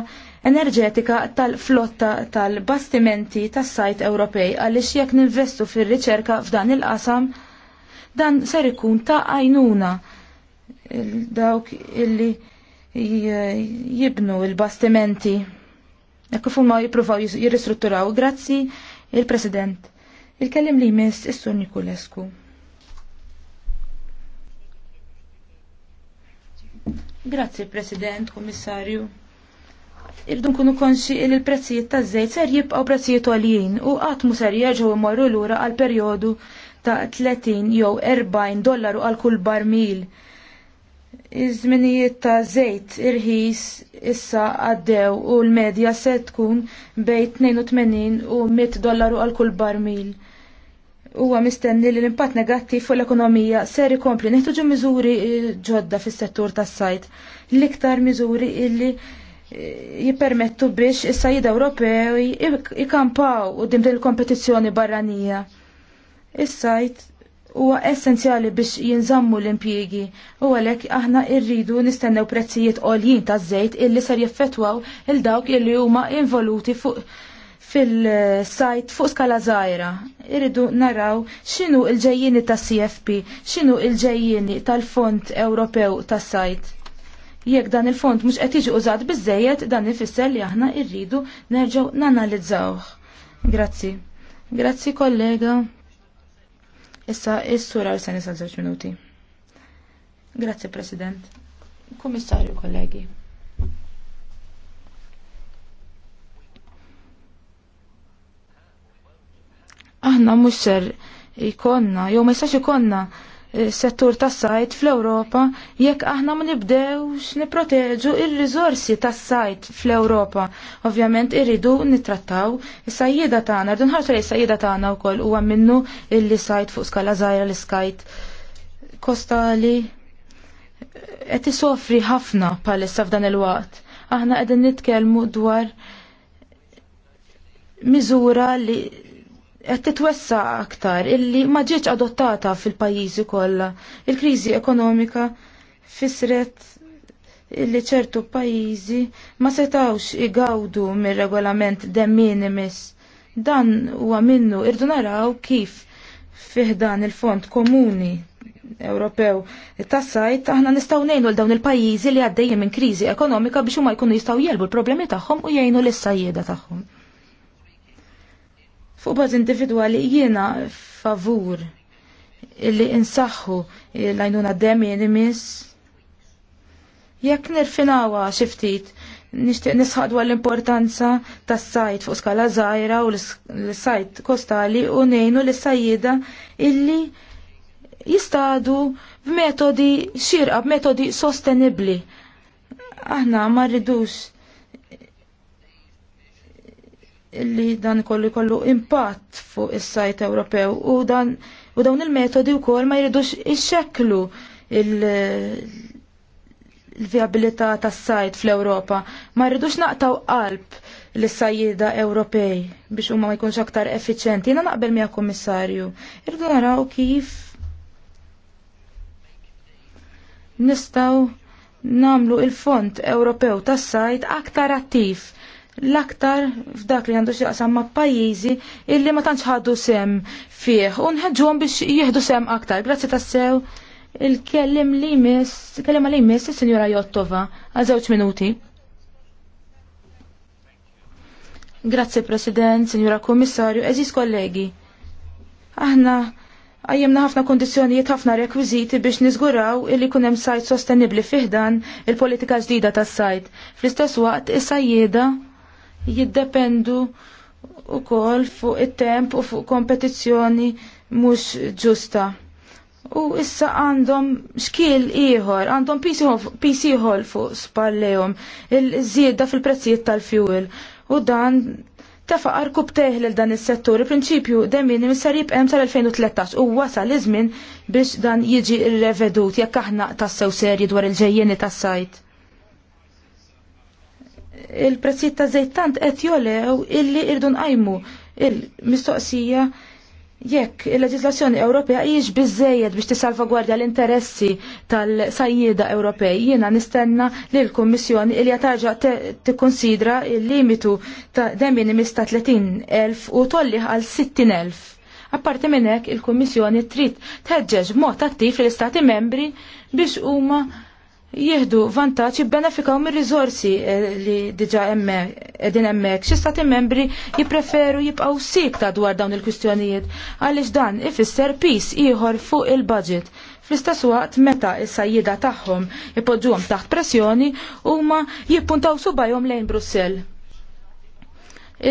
enerġetika tal-flotta tal-bastimenti tas-sajt Ewropej għaliex jekk ninvestu fir-riċerka f'dan il-qasam dan ser ikun ta' għajnuna dawk illi jibnu il-bastimenti. Ekku kif huma jippruvaw jirristrutturaw. Grazzi il-President. Il-kellim li jmiss is-Sur Nikulescu. Grazzi President, Kummissarju. Irdu nkunu konxi li l-prezzijiet ta' żejt ser jibqgħu prezzijiet għalijin u qatt ser ser morru l lura għal perjodu ta' 30 jew 40 dollaru għal kull barmil iż-żminijiet ta' żejt irħis issa għaddew u l-medja se tkun bejn 82 u 100 dollaru għal kull barmil. Huwa mistenni li l-impatt negattiv fuq l-ekonomija ser ikompli neħtuġu miżuri ġodda fis-settur tas-sajt. L-iktar miżuri illi eh, jippermettu biex is-sajjid Ewropew jikampaw u din il-kompetizzjoni barranija. Is-sajt huwa essenzjali biex jinżammu l-impjiegi u għalhekk aħna rridu nistennew prezzijiet għoljin taż-żejt illi ser jeffettwaw il dawk illi huma involuti fuq fil-sajt fuq skala żgħira. Irridu naraw x'inhu l ġejjini ta' cfp x'inhu l ġejjini tal-Fond Ewropew tas-sajt. Jekk dan il-fond mhux qed jiġi użat biżejjed dan ifisser li aħna rridu nerġgħu nanalizzawh. Grazzi. Grazzi kollega. Issa, is-sura l-sani żewġ minuti. Grazie, President. Komissarju, kollegi. Aħna mhux ser ikonna, jew ma jistax ikonna settur tas-sajt fl-Ewropa jekk aħna ma nibdewx nipproteġu il-rizorsi tas-sajt fl-Ewropa. Ovvjament irridu nittrattaw is-sajjieda tagħna, rridu nħarsu lej sajjieda tagħna wkoll huwa minnu illi sajt fuq skala żgħira l-iskajt kostali qed isofri ħafna bħalissa f'dan il-waqt. Aħna qegħdin nitkellmu dwar miżura li qed titwessa aktar illi ma ġietx adottata fil-pajjiżi kollha. Il-kriżi ekonomika fisret illi ċertu pajjiżi ma setawx igawdu mir-regolament de minimis. Dan huwa minnu irdu naraw kif fih dan il-Fond Komuni Ewropew tas-sajt aħna nistgħu ngħinu l dawn il-pajjiżi li għaddejjem minn kriżi ekonomika biex huma jkunu jistgħu jelbu l-problemi tagħhom u jgħinu l sajjieda tagħhom. Fuq baż individwali jiena favur illi insaħħu l-għajnuna demi nimis. Jekk nirfinawa xiftit, nishtiq nisħaq l-importanza tas sajt fuq skala żgħira u l-sajt kostali u ngħinu l sajjida illi jistadu b-metodi xirqa, b'metodi sostenibbli. Aħna ma rridux li dan kollu kollu impatt fuq is-sajt Ewropew u dan u dawn il-metodi wkoll ma jridux ixxekklu il-viabilità il viabilità tas fl-Ewropa. Ma jridux naqtaw qalb l-sajjida Ewropej biex huma ma jkunx aktar effiċjenti. Jiena naqbel miegħek kummissarju. Irdu naraw kif nistgħu nagħmlu il-Fond Ewropew tas-sajt aktar attiv l-aktar f'dak li għandu xieqsam ma' pajjiżi illi ma tantx ħadu sem fih u nħedġuhom biex jieħdu sem aktar. Grazzi tassew il-kellim li jmiss, kellim li mis, il senjora Jottova għazewċ żewġ minuti. Grazzi President, Senjora Kommissarju, eżis kollegi. Aħna għajjemna ħafna kondizjonijiet ħafna rekwiziti biex nizguraw illi kunem sajt sostenibli fiħdan il-politika ġdida tas sajt Fl-istess waqt, is-sajjeda jiddependu kol fuq it-temp u fuq kompetizzjoni mhux ġusta. U issa għandhom xkiel ieħor, għandhom pisi ieħor fuq spallejom, il-żieda fil-prezzijiet tal-fuel. U dan tefaqar kub teħlel dan is-settur, il-prinċipju demini sar jibqem tal-2013 u wasal iż-żmien biex dan jiġi revedut jekk aħna tassew serji dwar il-ġejjeni tas-sajt il-prezzijiet ta' żejt tant qed jolew illi irdun nqajmu il-mistoqsija jekk il-leġislazzjoni Ewropea hijiex biżejjed biex tisalvagwardja l-interessi tal-sajjieda Ewropej. Jiena nistenna li l-Kummissjoni ilja tarġa tikkonsidra il-limitu ta' de minimis ta' 30,000 u tollih għal 60,000. Apparti minn hekk il-Kummissjoni trid tħeġġeġ mod attiv l istati membri biex huma jihdu vantaġġ jibbenefikaw mir rizorsi eh, li diġa' hemmhekk qegħdin hemmhekk. Xi membri jippreferu jibqgħu sikta dwar dawn il-kwistjonijiet għaliex dan ifisser pis ieħor fuq il-budget. Fl-istess waqt meta s-sajjida tagħhom ipoġġuhom taħt pressjoni huma jippuntaw subajhom lejn Brussell.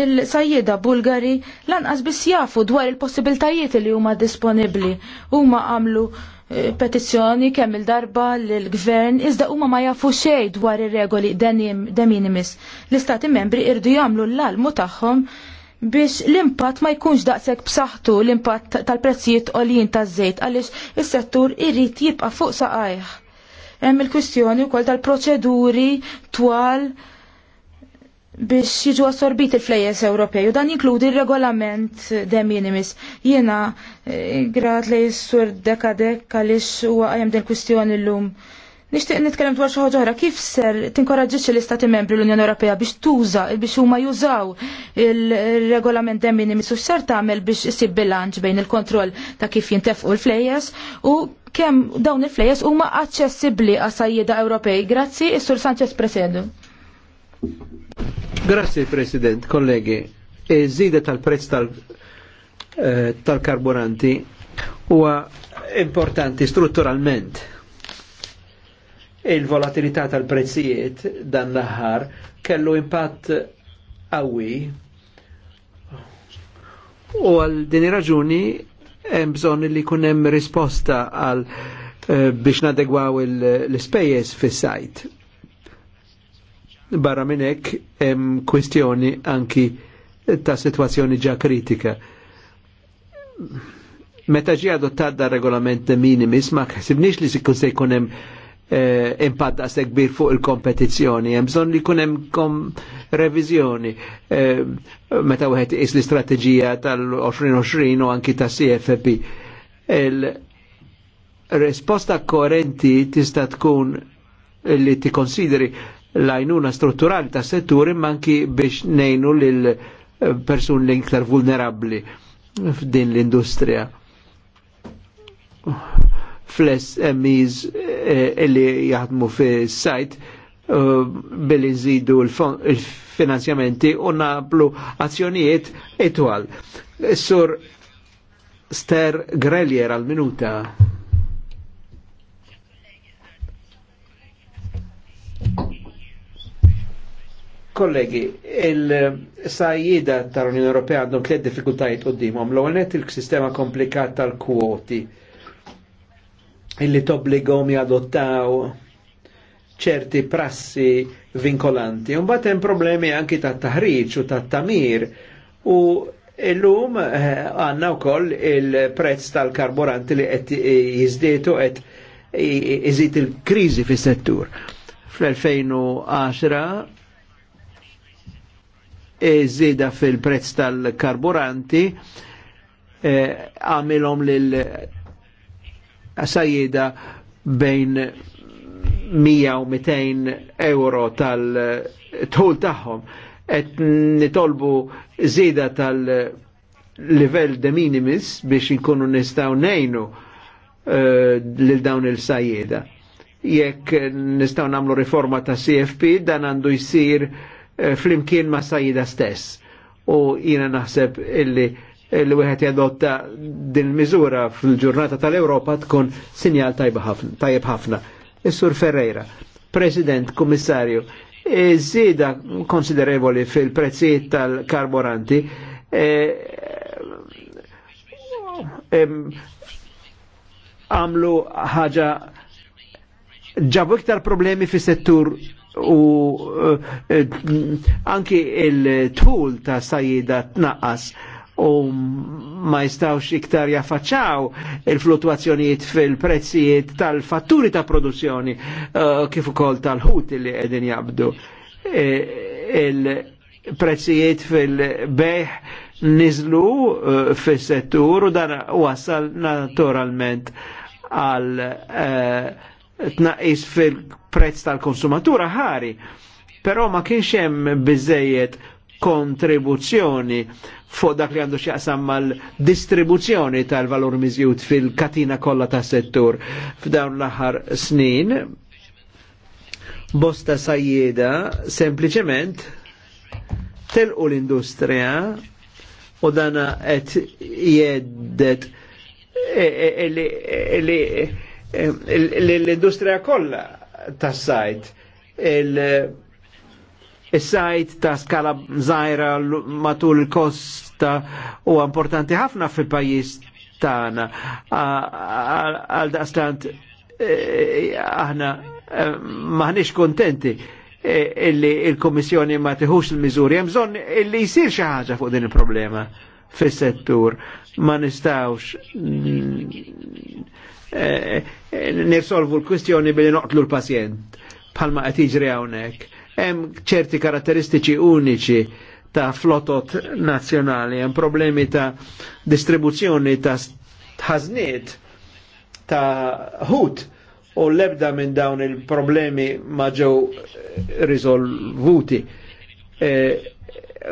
Il-sajjida Bulgari lanqas biss jafu dwar il-possibiltajiet li huma disponibbli. Huma għamlu petizzjoni kemm il-darba l-gvern iżda huma ma jafu xejn dwar ir-regoli de minimis. L-istati membri irdu jagħmlu l-almu tagħhom biex l-impatt ma jkunx daqshekk b'saħħtu l-impatt tal-prezzijiet għoljin taż-żejt għaliex is-settur irid jibqa' fuq saqajh. Hemm il-kwistjoni wkoll tal-proċeduri twal biex jiġu assorbit il-flejes Ewropej u dan jinkludi regolament de minimis. Jiena eh, grat li sur dekadek għaliex huwa għajem din kwistjoni l-lum. Nishtiq nitkellem dwar xi ħra, kif ser tinkoraġġiġ l-Istati Membri l-Unjoni Ewropea biex tuża biex huma jużaw il-regolament de minimis u ser tagħmel biex isib bilanċ bejn il-kontroll ta' kif jintefqu l-flejes u kemm dawn il-flejes huma aċċessibbli għas-sajjieda Ewropej. Grazzi, is-Sur Sanchez Presedu. Grazie President, kollegi. Iżida e tal-prezz eh, tal-karburanti huwa importanti strutturalment. E il-volatilità tal-prezzijiet dan l kellu impatt qawwi u għal din raġuni hemm bżonn li jkun hemm risposta għal eh, biex nadegwaw l-ispejjeż fis-sajt barra minn hekk hemm kwistjoni anki ta' situazzjoni ġa kritika. Meta ġi adottat da' regolament de minimis, ma' ħsibniex li sikkun se jkun hemm eh, impatt da' kbir fuq il-kompetizzjoni, hemm bżonn li jkun hemm kom reviżjoni. Eh, meta wieħed is l-istrateġija tal-2020 u anki ta' CFP. Il-resposta koerenti tista' tkun li tikkonsideri lajnuna strutturali ta' setturi manki biex nejnu lil eh, persun li iktar vulnerabli f'din l-industrija. Fless emmiz eh, li jaħdmu fi sajt eh, billi nżidu l-finanzjamenti u nablu azzjonijiet etwal. Sur Ster Grelier għal-minuta. Kollegi, il-sajjida tal-Unjoni Ewropea għandhom tliet diffikultajiet qudiemhom. L-ewwel net il-sistema komplikat tal-kwoti illi tobbligom jadottaw ċerti prassi vinkolanti. Un hemm problemi anki ta' taħriġ u ta' tamir u illum eh, għanna wkoll il-prezz tal-karburanti li qed jiżdietu qed iżid il-kriżi fis-settur. Fl-2010 E zida fil-prezz tal-karburanti e, għamilhom lil sajjida bejn 100 u 200 euro tal-tħul tagħhom qed nitolbu zida tal-livell de minimis biex inkunu nistgħu nejnu e, lil dawn il sajjida jekk nistaw namlu riforma ta' CFP dan għandu jisir Eh, flimkien ma' sajida stess. U jina naħseb illi li wieħed jadotta din miżura fil-ġurnata tal-Ewropa tkun sinjal tajb ħafna. Is-Sur Ferreira, President, Kummissarju, iż-żieda konsiderevoli fil-prezzijiet tal-karburanti eh, għamlu ħaġa ġabu iktar problemi fis settur u eh, eh, anki il-tul ta' sajida tnaqqas u ma jistawx iktar jaffaċċaw il-fluttuazzjonijiet fil-prezzijiet tal-fatturi ta' produzzjoni eh, kif ukoll tal-ħut li qegħdin jabdu. Il-prezzijiet fil-beħ nizlu fis-settur u dan wassal naturalment għal uh, tnaqis fil-prezz tal-konsumatura ħari, però ma kienx hemm biżejjed kontribuzzjoni fuq dak li għandu xjaqsam mal-distribuzzjoni tal-valur miżjud fil-katina kollha tas-settur f'dawn l-aħħar snin. Bosta sajjeda sempliċement telqu l-industrija u dana qed jeddet e- e- e- li Eh, l-industrija kollha tas-sajt. il sajt ta' skala żgħira matul il-kosta u importanti ħafna fil-pajjiż tagħna. Għal daqstant eh, aħna eh, maħniex kontenti illi il-Komissjoni ma tiħux il-miżuri, hemm bżonn illi jsir xi ħaġa fuq din il-problema fis-settur. Ma nistgħux mm, nirsolvu l-kwistjoni billi noqtlu l-pazjent bħalma qed jiġri hawnhekk. Hemm ċerti karatteristiċi uniċi ta' flotot nazzjonali, hemm problemi ta' distribuzzjoni ta' ħażniet ta' ħut u l-ebda minn dawn il-problemi ma ġew risolvuti. E,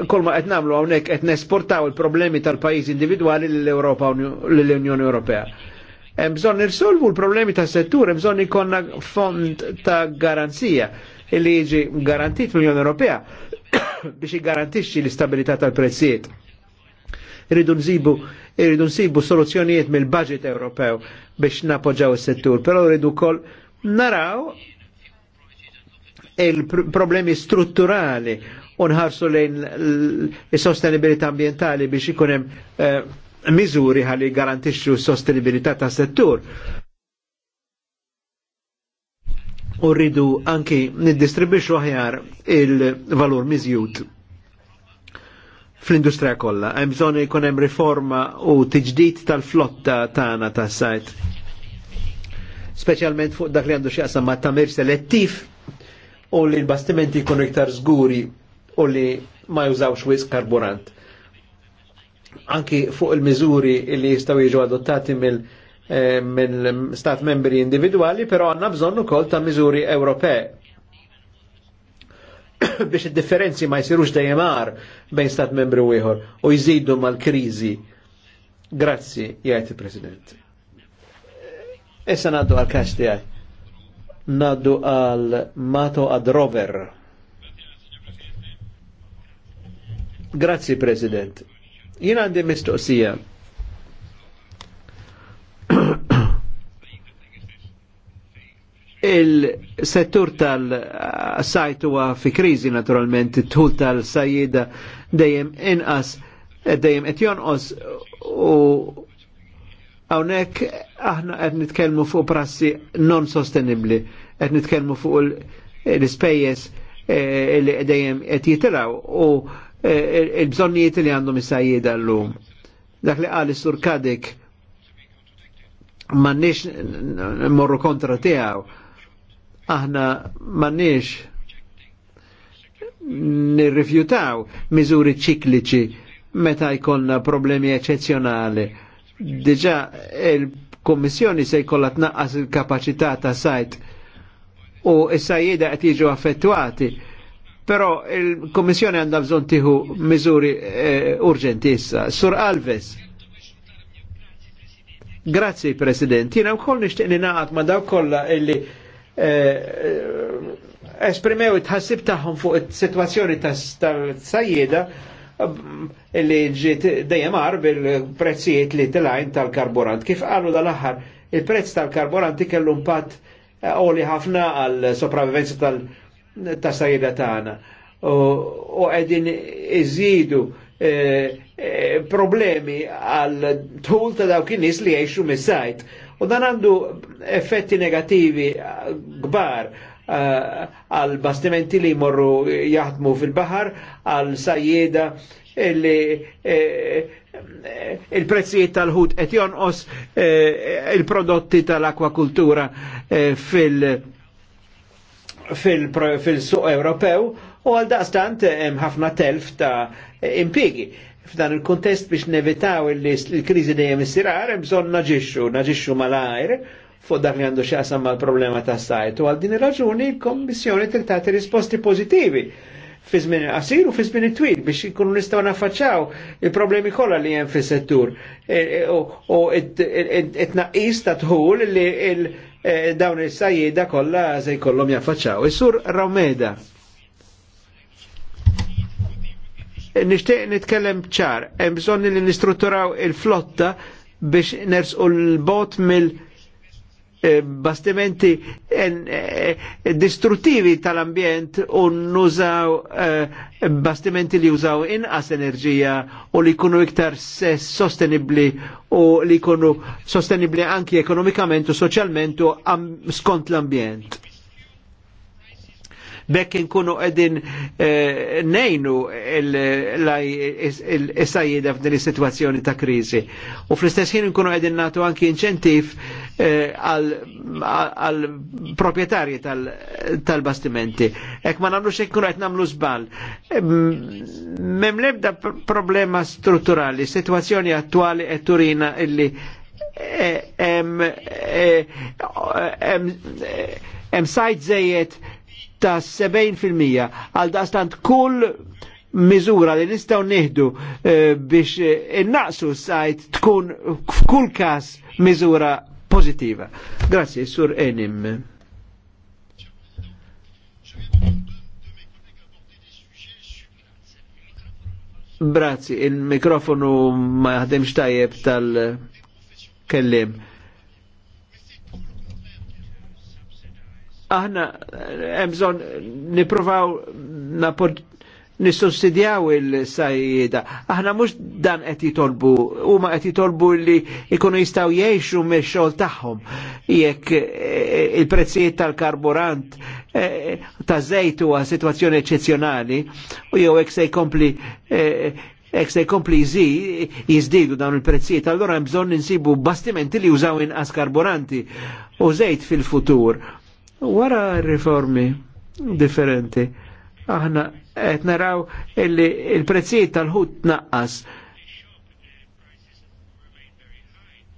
qed nagħmlu hawnhekk qed nesportaw il-problemi tal-pajjiż individwali lill-Europa lill-Unjoni Ewropea Hemm bżonn irsolvu l-problemi tas-settur, hemm bżonn ikonna fond ta' garanzija li jiġi garantit mill unjoni Ewropea biex jgarantixxi l-istabilità tal-prezzijiet. Irridu nsibu irridu nsibu soluzzjonijiet mill-budget Ewropew biex napoġġaw is-settur, però rridu wkoll naraw il-problemi strutturali unħarsu lejn il-sostenibilità ambientali biex ikun hemm eh, miżuri ħalli garantixxu s-sostenibilità tas settur. U rridu anki niddistribwixxu aħjar il-valur miżjud fl-industrija kollha. Hemm bżonn ikun hemm riforma u tiġdid tal-flotta tagħna tas-sajt. Speċjalment fuq dak li għandu x'jaqsam ma' tamir selettiv u li l-bastimenti jkunu iktar żguri u li ma jużawx wisq karburant anki fuq il mizuri li jistaw jiġu adottati mill eh, minn stat membri individuali, però għanna bżonn ukoll ta' miżuri Ewropej. biex id-differenzi ma jsirux dejjemar bejn stat membri u ieħor u jżidu mal-kriżi. Grazzi, jgħid il-President. Issa naddu għal kax tiegħi. Naddu għal Mato Adrover. Grazzi, President. Jien għandi mistoqsija. Il-settur tal sajtu huwa fi kriżi naturalment, it-tul tal-sajjida dejjem inqas dejjem qed jonqos u hawnhekk aħna qed nitkellmu fuq prassi non sostenibbli, qed nitkellmu fuq l-ispejjeż eh, li dejjem qed jitilgħu u il-bżonnijiet li għandhom is-sajjieda Dak li qal is-sur Kadek m'għandniex morru kontra tiegħu. Aħna m'għandniex nirrifjutaw miżuri ċikliċi meta jkollna problemi eccezzjonali. Diġà il-Kommissjoni se jkollha tnaqqas il-kapaċità ta' sajt u s-sajjieda qed jiġu affettwati Però il-Kommissjoni għandha bżonn tieħu miżuri eh, urġenti issa. Sur Alves. Grazzi, President. Jiena wkoll nixtieq ningħaqad ma' dawk kollha illi eh, esprimew it-ħassib tagħhom fuq it-sitwazzjoni tas sajjieda illi ġiet dejjem bil-prezzijiet li tilajn tal-karburant. Kif qalu dal-aħħar, il-prezz tal-karburant kellu impatt għoli eh, ħafna għal sopravivenza tal ta' sajda tagħna u qegħdin iżidu e, e, problemi għal tħul ta' daw in li jgħixu mis-sajt. U dan għandu effetti negativi kbar e, għal bastimenti li morru jaħdmu fil-bahar, għal sajjeda li il-prezzijiet tal-ħut qed jonqos il-prodotti tal-akwakultura fil- fil-suq Ewropew u għal daqstant eh, hemm ħafna telf ta' impigi. F'dan il-kontest biex nevitaw il-kriżi dejjem issirar, hemm bżonn naġixxu, naġixxu mal-ajr fuq dak li għandu xaqsam mal-problema ta' sajt. U għal din ir-raġuni l-Kommissjoni tagħti risposti pożittivi fi żmien qasir u fi żmien twil biex ikunu nistgħu naffaċċaw il-problemi kollha li hemm fis-settur. E, e, u t-tnaqqis ta' tħul li E, dawn il-sajjida kollha se jkollhom jaffaċċaw. Is-sur Romeda. E, nixtieq nitkellem ċar, hemm bżonn li nistrutturaw il-flotta biex nersqu l-bot mill- Eh, bastimenti eh, distruttivi tal-ambjent u nużaw eh, bastimenti li jużaw inqas enerġija u li jkunu iktar sostenibli u li jkunu sostenibli anki ekonomikament u soċjalment u skont l-ambjent bekk inkunu qegħdin eh, nejnu l-sajjida f'din is-sitwazzjoni ta' kriżi. U fl-istess ħin inkunu qegħdin nagħtu anki inċentiv eh, għal eh, proprjetarji tal-bastimenti. Ek ma namlu hekk kunu nagħmlu żball. Mem lebda problema strutturali, situazzjoni attuali qed turina illi hemm eh, sajt zejiet ta' 70% għal daqstant kull miżura li nistaw neħdu eh, biex eh, innaqsu s-sajt tkun f'kull kas miżura pozitiva. Grazie, sur Enim. Brazzi, il-mikrofonu ma jaħdemx tajjeb tal-kellim. aħna eh, emżon niprofaw nissussidjaw il-sajjida. Aħna mux dan qed jitolbu, huma qed jitolbu li jkunu jistgħu jgħixu me xogħol tagħhom jekk eh, il-prezzijiet tal-karburant eh, ta' żejt huwa sitwazzjoni eċċezzjonali u jew hekk se jkompli Ek se jkompli jizdidu dawn il-prezzijiet, allora hemm bżonn insibu bastimenti li jużaw inqas karburanti u żejt fil-futur Wara riformi differenti, aħna qed naraw illi il-prezzijiet tal-ħut naqqas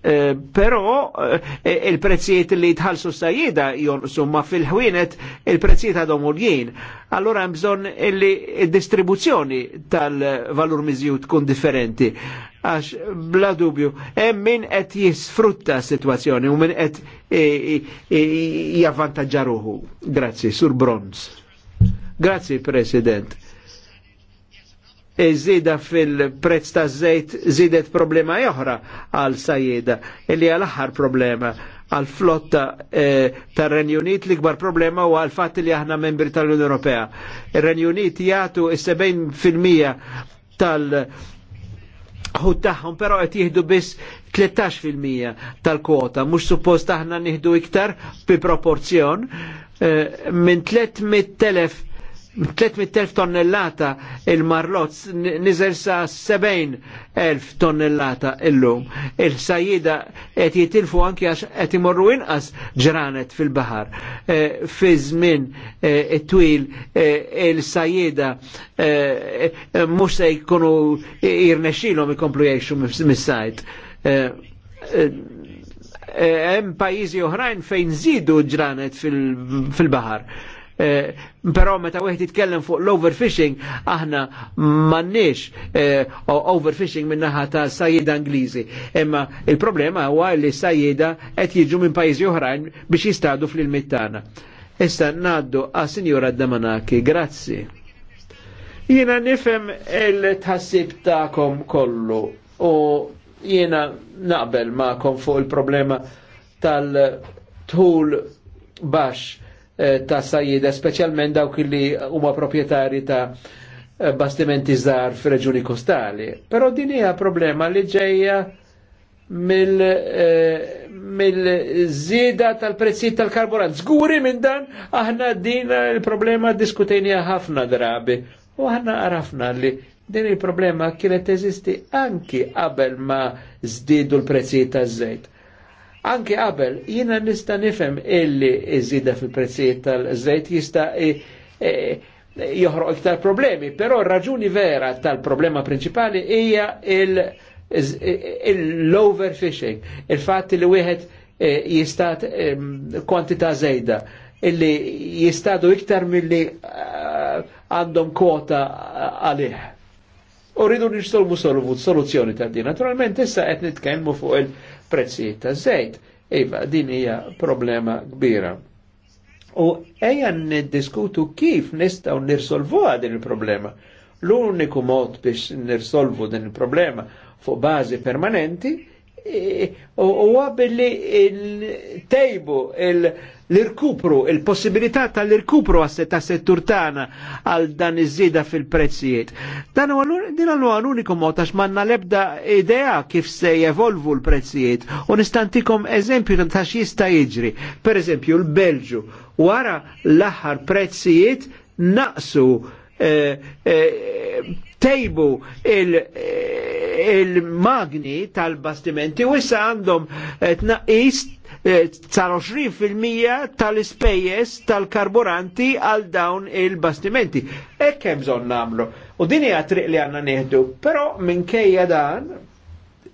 Eh, pero eh, eh, il-prezzijiet li tħallsu sajjida jonqsu ma fil-ħwienet il-prezzijiet għadhom u l-jien. Allora hemm li distribuzzjoni tal-valur mizju tkun differenti. Għax bla dubju, hemm min qed jisfrutta situazzjoni u min qed e, javvantaġġa ruħu. Grazzi, Sur Bronz. Grazzi, President iżida e fil-prezz ta' żejt zidet problema oħra għal sajjeda, illi għal aħħar problema għal flotta e, ta' Renju Unit l-ikbar problema u għal fatt li aħna membri tal-Unjoni Ewropea. Ir-Renju Unit jagħtu 70% tal- ħut taħħom, pero għet jihdu biss 13% tal-kwota, mux suppost aħna nihdu iktar bi proporzjon e, minn 300.000 300.000 tonnellata il-marlozz nizel sa 70.000 tonnellata il-lum. Il-sajida qed jitilfu anki għax qed imorru inqas ġranet fil-bahar. E, eh, Fi żmien e, twil e, eh, il-sajida mhux se jkunu jirnexxilhom ikomplu jgħixu mis-sajt hemm pajjiżi oħrajn fejn zidu ġranet fil-baħar. Fil Eh, però meta wieħed jitkellem fuq l-overfishing, aħna m'għandniex eh, overfishing minn naħa ta' sajjida Angliżi. Imma il-problema huwa li sajjida qed jiġu minn pajjiżi oħrajn biex jistadu fl tagħna. Issa ngħaddu għas Sinjura Damanaki, grazzi. Jiena nifhem il-tħassib tagħkom kollu u jiena naqbel ma'kom fuq il-problema tal-tul baxx Eh, ta' sajjida, specialment dawk li huma proprietari ta' eh, bastimenti żgħar f'reġuni kostali. Però din hija problema li ġejja mill-żieda eh, mil tal-prezzijiet tal-karburant. Żguri minn dan aħna din il-problema diskutejnija ħafna drabi. U aħna arafna li din il-problema kienet eżisti anki qabel ma żdiedu l-prezzijiet taż-żejt. Anke qabel, jiena nista' nifhem illi iżida fil-prezzijiet tal-żejt jista' e, e, joħroq iktar problemi, però raġuni vera tal-problema principali hija l-overfishing, il il-fatt li wieħed e, jistat kwantità żejda illi jistadu iktar milli għandhom kwota għalih. U rridu nix solvu soluzzjoni ta' din. Naturalment issa għetni t fuq il- prezzi ta' zejt. Iva, din hija problema kbira. U eja niddiskutu kif nistaw nirsolvu din il-problema. L-uniku mod biex nirsolvu din il-problema fuq bazi permanenti u għabili il-tejbu il-, -tejbu, il l-irkupru, il-possibilità tal-irkupru ta' settur tagħna għal dan iż-żieda fil-prezzijiet. Dan huwa din għallu l-uniku mod għax m'għandna l-ebda idea kif se jevolvu l-prezzijiet. U nistantikom eżempju ta' jista' jiġri. Per eżempju l-Belġu wara l-aħħar prezzijiet naqsu eh, eh, tejbu eh, il-magni tal-bastimenti u issa għandhom tnaqqis sal-20% tal-ispejjeż tal-karburanti għal dawn il-bastimenti. Hekk hemm bżonn nagħmlu. U din hija triq li għandna nieħdu, però minkejja dan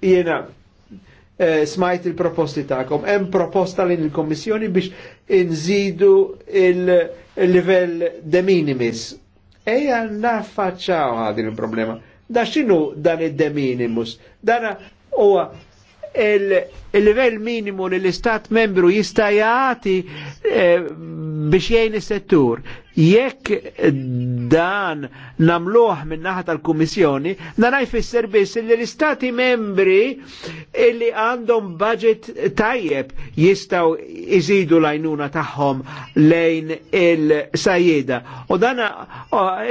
jiena eh, smajt il-proposti tagħkom. Hemm proposta lejn il-Kommissjoni biex inżidu il-livell de minimis. Ejja naffaċċaw għadin il-problema. Da xinu dan id-de minimus? Dan huwa il level minimu li l-istat membru jista' jagħti eh, biex jgħin is-settur jekk dan namluħ minn naħa tal-Kummissjoni, naraj fisser biss li l-Istati membri illi għandhom budget tajjeb jistaw iżidu lajnuna tagħhom lejn il sajjida U dana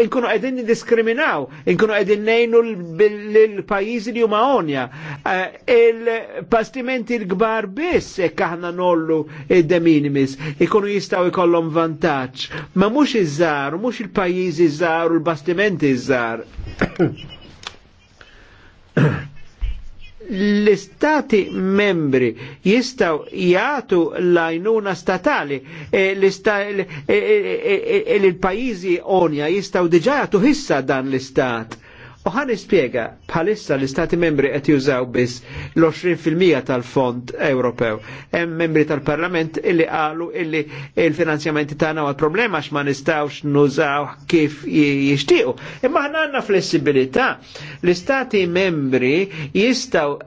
inkunu qegħdin diskriminaw, inkunu qegħdin nejnu l-pajjiżi li huma onja. E, il-pastimenti l-kbar biss jekk aħna nollu id deminimis ikunu jistaw ikollom vantaġġ. Ma iż-żar, mhux il iż żar u l iż żar. l-istati membri jistaw jgħatu l-għajnuna statali e, l-pajizi e, e, e, e, e onja jistaw diġa jgħatu hissa dan l-istat U ħan ispiega bħalissa l-Istati membri qed jużaw biss l-20% tal-Fond Ewropew. Hemm membri tal-Parlament illi qalu illi il-finanzjamenti tagħna għal problema għax ma nistawx nużaw kif jixtiequ. Imma ħna għanna flessibilità. L-Istati membri jistgħu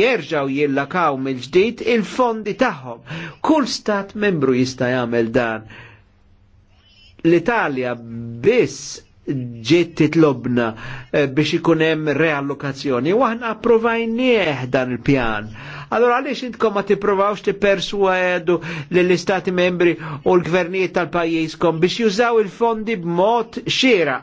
jerġgħu jillakaw mill-ġdid il-fondi tagħhom. Kull stat membru jista' jagħmel dan. L-Italja biss ġiet titlobna eh, biex ikun hemm reallokazzjoni. U aħna approvajnieh dan il-pjan Allora għaliex intkom ma tipprovawx tippersuedu lill-istati membri u l-gvernijiet tal-pajjiżkom biex jużaw il-fondi b'mod xiera,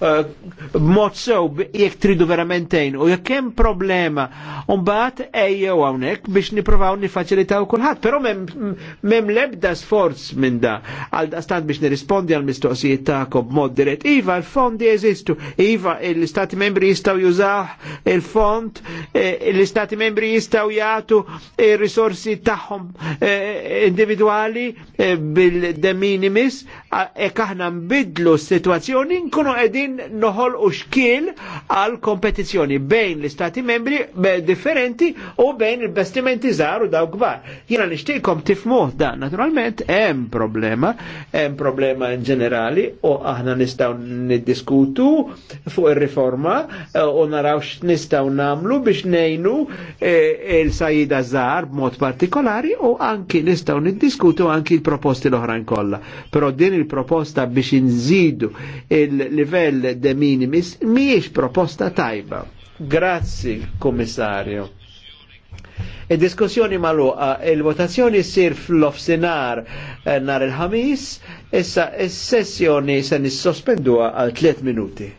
eh, b'mod sew jekk tridu veramentejn u jekk hemm problema un mbagħad ejjew hawnhekk biex nippruvaw nifaċilitaw kulħadd, però m'hemm lebda sforz minn da għal daqstant biex nirrispondi għal mistoqsijiet tagħkom b'mod dirett. Iva, l-fondi jeżistu, iva l-istati membri jistgħu jużaw il-fond, eh, l-istati membri jistgħu jagħtu jagħtu risorsi tagħhom eh, individuali eh, bil-de minimis hekk aħna nbidlu s-sitwazzjoni nkunu qegħdin noħolqu xkiel għal kompetizzjoni bejn l-istati membri differenti u bejn il-bastimenti żgħar u daw kbar. Jiena nixtiekom tifmuh da naturalment hemm problema, hemm problema in ġenerali u aħna nistgħu niddiskutu fuq ir-riforma eh, u naraw x'nistgħu namlu biex nejnu il-sajt ida żgħar mod partikolari u anki nistgħu niddiskutu anki l-proposti l-oħrajn kollha. Però din il-proposta biex inżidu il-livell de minimis mhijiex proposta tajba. Grazzi, Kommissarju. Id-diskussjoni maluqa, il-votazzjoni sir fl-ofsinar eh, nar il-ħamis, issa s sessjoni se nissospenduha għal 3 minuti.